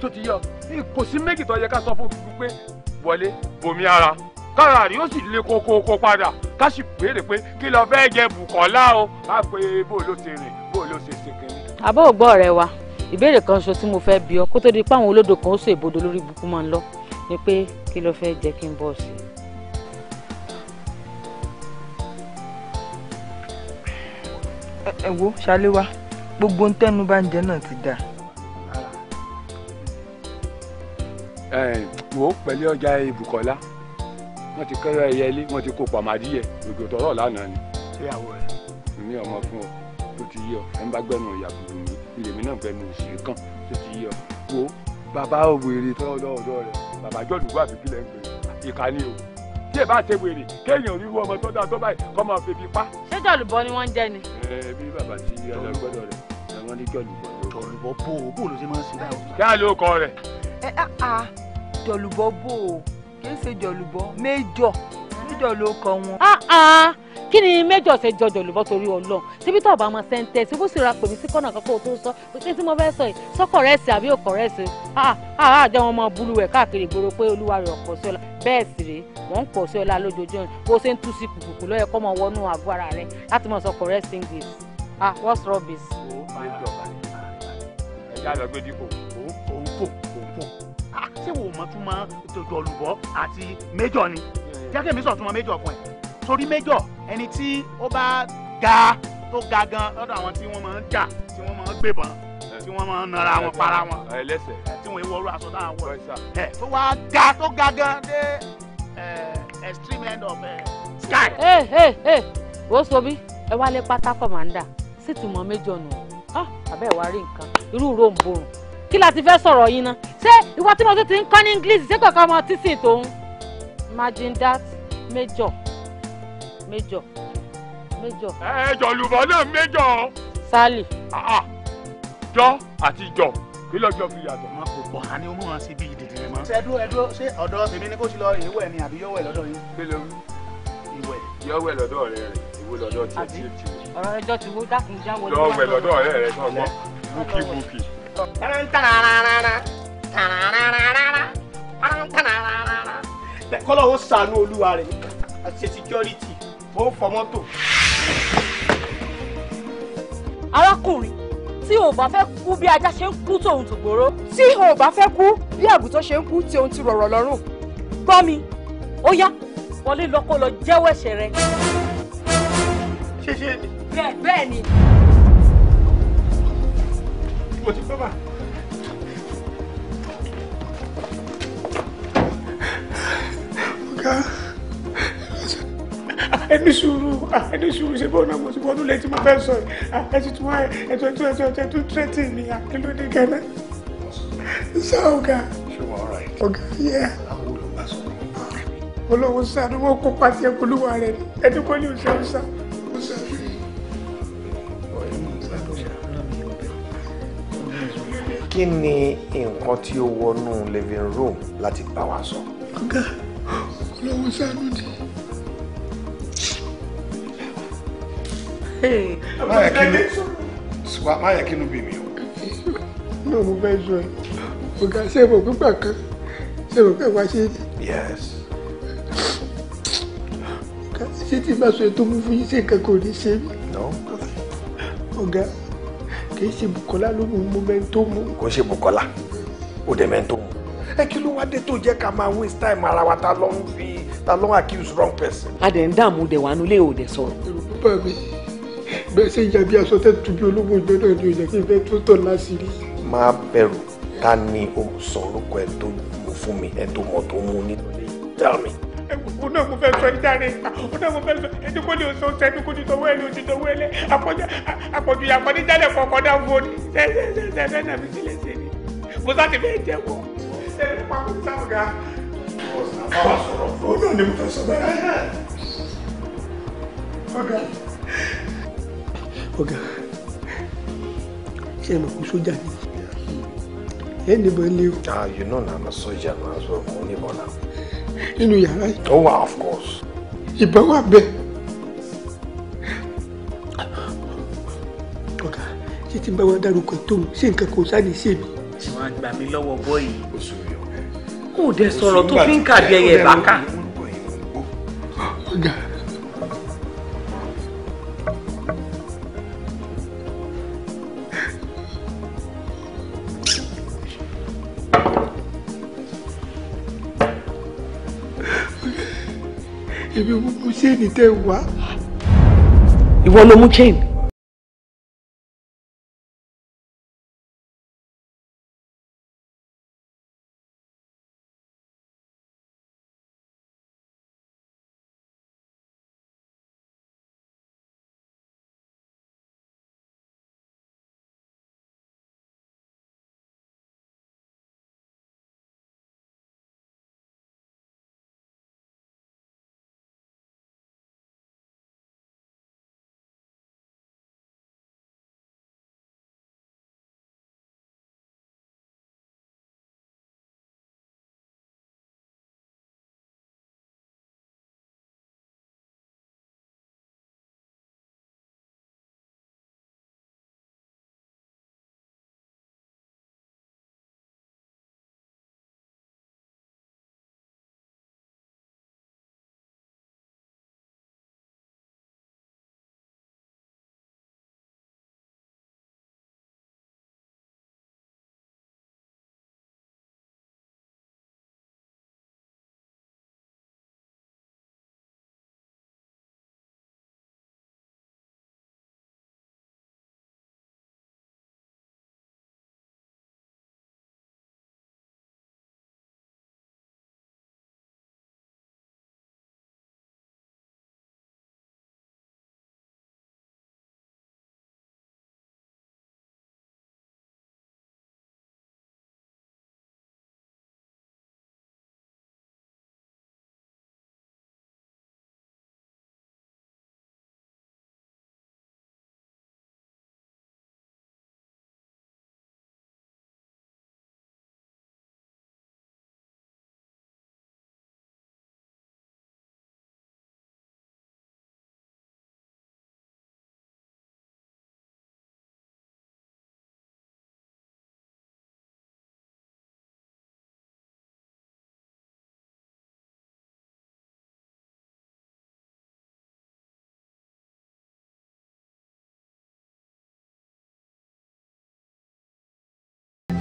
tó ti yọ kò sí méjì tó yẹ ká sọ fún gbogbo pé wọlé bomi ara kára rí ó sì lé kókókó padà ká sì béèrè pé kí ló fẹ́ jẹ bùkọ́lá o ká pé bó ló ti rìn bó ló ṣe ṣe kiri. àbọ̀ ògbọ́ rẹ wa ìbéèrè kan ṣo tí mo fẹ́ bi ọ kó tó di pé àwọn olódò kan ó sọ lórí ibùkún máa ń lọ ni pé kí ló fẹ́ jẹ́ kí n bọ̀ sí i. ẹ wo ṣaléwá gbogbo ntẹnu bá ń jẹ náà ti dà. ẹ wo pẹ̀lú ọjà ibùkọ́lá wọ́n ti kẹ́rọ ẹyẹ ilé wọ́n ti kó pàmádì yẹ gbogbo tọ́rọ̀ lánàá ni. ìyàwó ẹ. mi ọmọ fún ọ tó ti yí ọ ẹ ń bá gbẹnu ìyàbùrù mi ilèmi náà fẹnu òṣèré kan tó ti yí ọ wo bàbá òwèrè tọ́lọ́dọ̀ ọ̀dọ́ rẹ bàbá jọ̀dùnkú àbíkí lẹ́ ń é ìkànnì o tí ẹ bá ṣe wèrè kéèyàn ríru ọmọ tó dáa tó báyìí kọ́ máa febi pa. ṣé jọ̀lùbọ́ ni wọ́n ń jẹ ni. ẹ bí bàbá ti rí ọjà gbọ́dọ̀ rẹ̀ àwọn ní jọ̀lùbọ́. jọ̀lùbọ́ bò ó bò ló ṣe máa ń ṣe báyìí. kí á ló kọ rẹ̀. ẹ á jọ̀lùbọ́ bò ó kì í ṣe jọ̀lùbọ́ méjọ méjọ ló kọ wọn. kí ni méjọ ṣe jọ jọ̀lùbọ́ torí Ọlọ́run síbi tó ọba máa ṣẹńtẹ síbú sì ra pè mí sí kọ́nà kankan tó sọ pé tí mo fẹ́ sọ yìí sọkọ̀ rẹ̀ sí àbí òkọ̀ rẹ̀ sí àjọ wọn máa búlù ẹ̀ káàkiri ìgboro pé olúwa rẹ̀ ọ̀pọ̀ sí ọ̀la bẹ́ẹ̀ sì rèé wọ́n ń pọ̀ sí ọlá lójoojúmọ́ bó ṣe ń tú sí kùkùkù lọ́yẹ kọ́ mọ wọnú àgọ́ ara rẹ láti mọ̀ sọ correct english ah what's rubbish. ẹ̀yà lọ gbé dípò òun pò òun pò ṣé wo mọ̀ tún mọ́ jọ̀lùbọ́ àti méjọ̀ ni jákè mi sọ̀ tún mọ́ méjọ̀ fún torí méjọ̀ ẹni tí ó bá ga tó ga gan lọ́dọ̀ àwọn tí wọ́n máa ń jà tí wọ́n máa ń gbébọn tí wọ́n máa ń nara wọn para wọn ẹlẹ́sẹ̀ tí wọ́n wọ́ọ́rọ́ aṣọ náà wọ̀ ẹ̀ tó wá ga tó ga gan dé extreme end of eh, sky. ó so bí ẹ wá lé pátá kọ̀mándà sí tìmọ̀ méjì ọ̀nà àbẹ́ ah, ìwà rí nǹkan irú ròǹbòrùn kí la ti fẹ́ sọ̀rọ̀ yín náà ṣé ìwọ tí mo tún ti ń kọ́ ní English ṣé kọ̀ọ̀kan ọmọ tí sì tòun imagine that major major major. ẹ jọ̀lùbọ̀ náà major. Sally. Ah, ah dọ́ àti jọ kí lọ́jọ́ fi yàtọ̀. wọn kò bọ̀ àní omi wọn sí bí ìdìdì mọ́. ṣé dúró ẹdúró ṣé ọ̀dọ́ tèmi ni kò sí lọ ìwẹ̀ ni àbí yọ̀wẹ̀ lọ́dọ̀ yín. kí ló ń ìwẹ̀. yọ̀wẹ̀ lọ́dọ̀ rẹ rẹ ìwé lọ́dọ̀ tiẹ̀ tiẹ̀ tiẹ̀. ọ̀rọ̀ ẹjọ́ ti wo dákun já wọlé. lọ́wẹ̀ lọ́dọ̀ rẹ rẹ tó gbọ́ búkì búkì. kọ́lọ̀ ó sànú olúwa rẹ̀ àti security ó fọ mọ́tò. arákùnrin tí o bá fẹ́ kú bí ajá ṣe ń kú tòun tògbòrò. tí o bá fẹ́ kú bí àgùntàn ṣe ń kú tí òun ti rọ̀rọ̀ lọ́rùn. gbọ́ mi ó yá wọlé lọ kó lọ jẹ́wọ́ ẹ̀ṣẹ̀ rẹ. ṣe ni. bẹ́ẹ̀ bẹ́ẹ̀ ni. mo ti fẹ́ bà. ọ̀gá ẹni sùúrù ah, ẹni sùúrù ṣe bọ́ọ̀nà mo ti wọnú lẹ́yìn tí mo fẹ́ sọ ah, ẹ ti tún ẹtọ́ ẹtọ́ ẹtọ́ ẹtọ́ ẹtọ́ tírẹ́tì mi àkílódé ah, gẹ́lẹ́ sá ọ̀gá ọ̀gá yẹ olówó sá ni wọ́n kó pàṣẹ ẹ̀kọ́lùwà rẹ̀ ẹni kọ́ ni òṣèlú sá kó sá fún mi. kí ni nǹkan tí ó wọnú living room láti bá wa sọ. ọ̀gá olówó sá ló dé. má yẹ kí inú bí mi o. náà mo fẹ́ sọ ẹ ọ̀gá sẹ́wọ̀n gbígbà kan sẹ́wọ̀n kan wá sí èdè. Yes. ṣé tí bá sọ ètò mú fún yín ṣe nǹkan kò ní ṣe mí. ọ̀gá kì í ṣe Bùkọ́lá ló mú mú mẹ́ńtó mú. kò ṣe Bùkọ́lá ó dẹ̀ mẹ́ńtó mú ẹ kí ló wá dé tó jẹ́ ká máa waste time ara wa ta ló ń fi ta ló ń accuse wrong person. a dẹ̀ ń dààmú dẹ̀ wà nílé òde sọ̀rọ̀. èrò púpọ̀ mi bẹ́ẹ̀ ṣe ìyá bí aṣọ tẹ́tù bí ológun ìgbẹ́dọ̀ ni òjò kí n fẹ́ tó tọ̀ láṣìírí. máa bẹ̀rù ta ni o sọ orúkọ ẹ tó mú fún mi ẹ tó mọ̀ tó mú ní. tell me. ẹ̀gbọ́n náà mo fẹ́ sọ ní dáre ẹ̀gbọ́n náà mo fẹ́ sọ ẹni kò ní oṣù sẹ́ni kò ní tọwọ́ ẹ̀ ní oṣù tọwọ́ ẹ̀ lẹ́ àpọ̀jù ìyàpọ̀ ní jálẹ̀ kọ̀ọ̀kan náà wo ni ṣẹ́ṣẹ́ṣẹ́ náà mi sílẹ̀ ṣe ni mo sá ti fẹ́ jẹ́ wọ́ ṣẹ́ni pàkó sáwọ́gà. ọ̀sán àbá ọ̀gá ṣe mọ̀ pé sójà ni ẹnìbọn lé o. ah you know na I'm a soldier na so mo níbọn na. inú yàrá yìí. oh wow of course. ìbọn wà bẹ́ẹ̀. ọ̀gá ṣé tí n bá wa dárúkọ tó mu ṣé nǹkan kò sáà ní í ṣe mi. gbà mí lọ́wọ́ bọ́ọ̀yì. kò dé sọ̀rọ̀ tó fi ń kàdé ẹyẹ bàkà. ọ̀gá. èmi mú chain tẹ́ wá. ìwọ ló mú chain.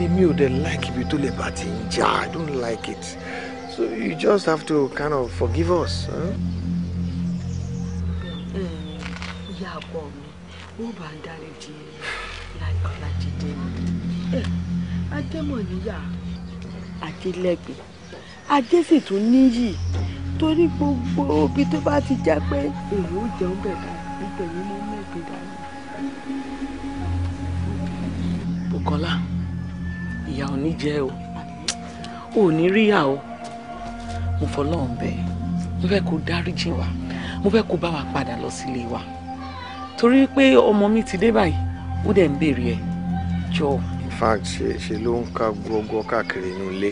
èmi ò dẹ̀ like ibi tó lè bá ti ń jà i don't like it so you just have to kind of forgive us. Eh, ìyá ọkọ mi wọn bá ń dáríjì Ọlájídé eh, ni adémọ níyà adélẹ́gbẹ́ sì tún níyì torí gbogbo òbí tó bá ti já pé èrò ó jẹun bẹ̀ dání ibẹ̀ ni mo mú ìgbé dání. Bùkọ́lá ìyá ò jẹ o ò ní ríyà o mo fọlọ́run bẹ́ẹ̀ mo fẹ́ kó dáríjì wa mo fẹ́ kó bá wa padà lọ sílé wa torí pé ọmọ mi ti dé báyìí ó dẹ̀ ń béèrè ẹ̀ jọ. in fact ṣe ṣe ló ń ká gbogbo káàkiri inú ilé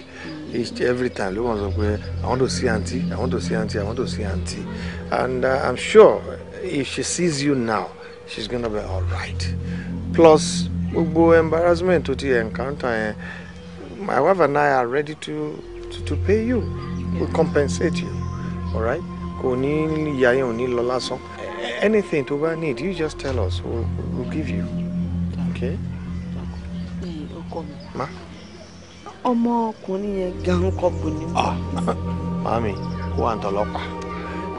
each every time ló wọ́n sọ pé i want to see aunty i want to see aunty i want to see aunty and uh, i'm sure if she sees you now she's gonna be all right plus gbogbo embarrassment tó ti encounter yẹn my wife and I are ready to to, to pay you we we'll compensate you all right kò ní ìyá yẹn ò ní lọ lásán anything tó bá need you just tell us we'll, we'll give you okay. ọkọ mi. ma. ọmọkùnrin yẹn gan kọ bò ní. mami, kó wà ń tọlọ́pàá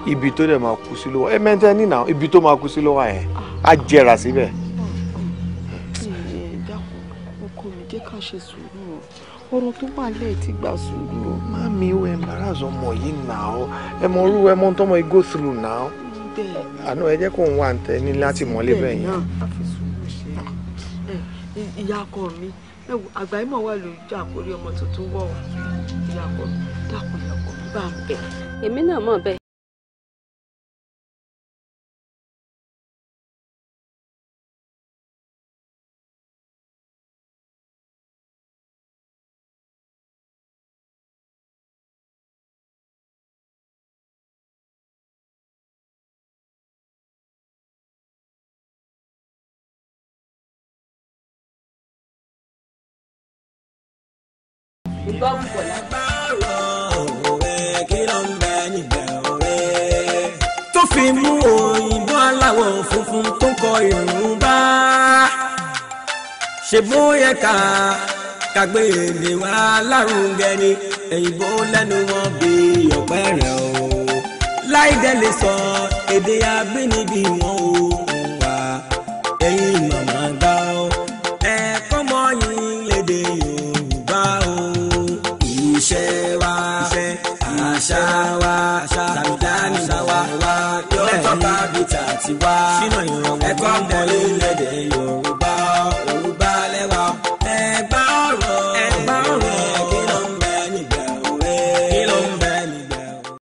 ibi tó dẹ̀ máa kú sí ló wà ẹ mẹ́tẹ́ nínà ibi tó máa kú sí ló yẹn á jẹrà síbẹ̀. ṣe sùúrù o ọ̀rọ̀ tó wà lẹ́ẹ̀ ti gba sùúrù o. mami o embarrass ọmọ yìí now ẹ mọ orú ẹ mọ ohun tọmọ yìí go through now. bẹ́ẹ̀ àná ẹ jẹ́ kó ń wá ntẹ ní láti mọ́lé bẹ́ẹ̀ yẹn. ìyá mi àgbà yìí mọ̀ wá lójú àkórí ọmọ tuntun wọ̀ ìyá ọkọ mi dákun mi bá ń bẹ̀. èmi náà mọ̀ bẹ́ẹ̀. báwù bọ̀ láti. tó fi mú òyìnbó aláwọ̀ funfun tó kọ ìrùn bá ṣe bóyá ká kàgbé èdè wa lárugẹ ni èyìnbó lẹ́nu wọn bí ọ̀pẹ rẹ̀ o láìdẹ́ lè sọ èdè abínibí wọn o. láti wá ẹ̀kọ́ ọmọ orílẹ̀-èdè Yorùbá.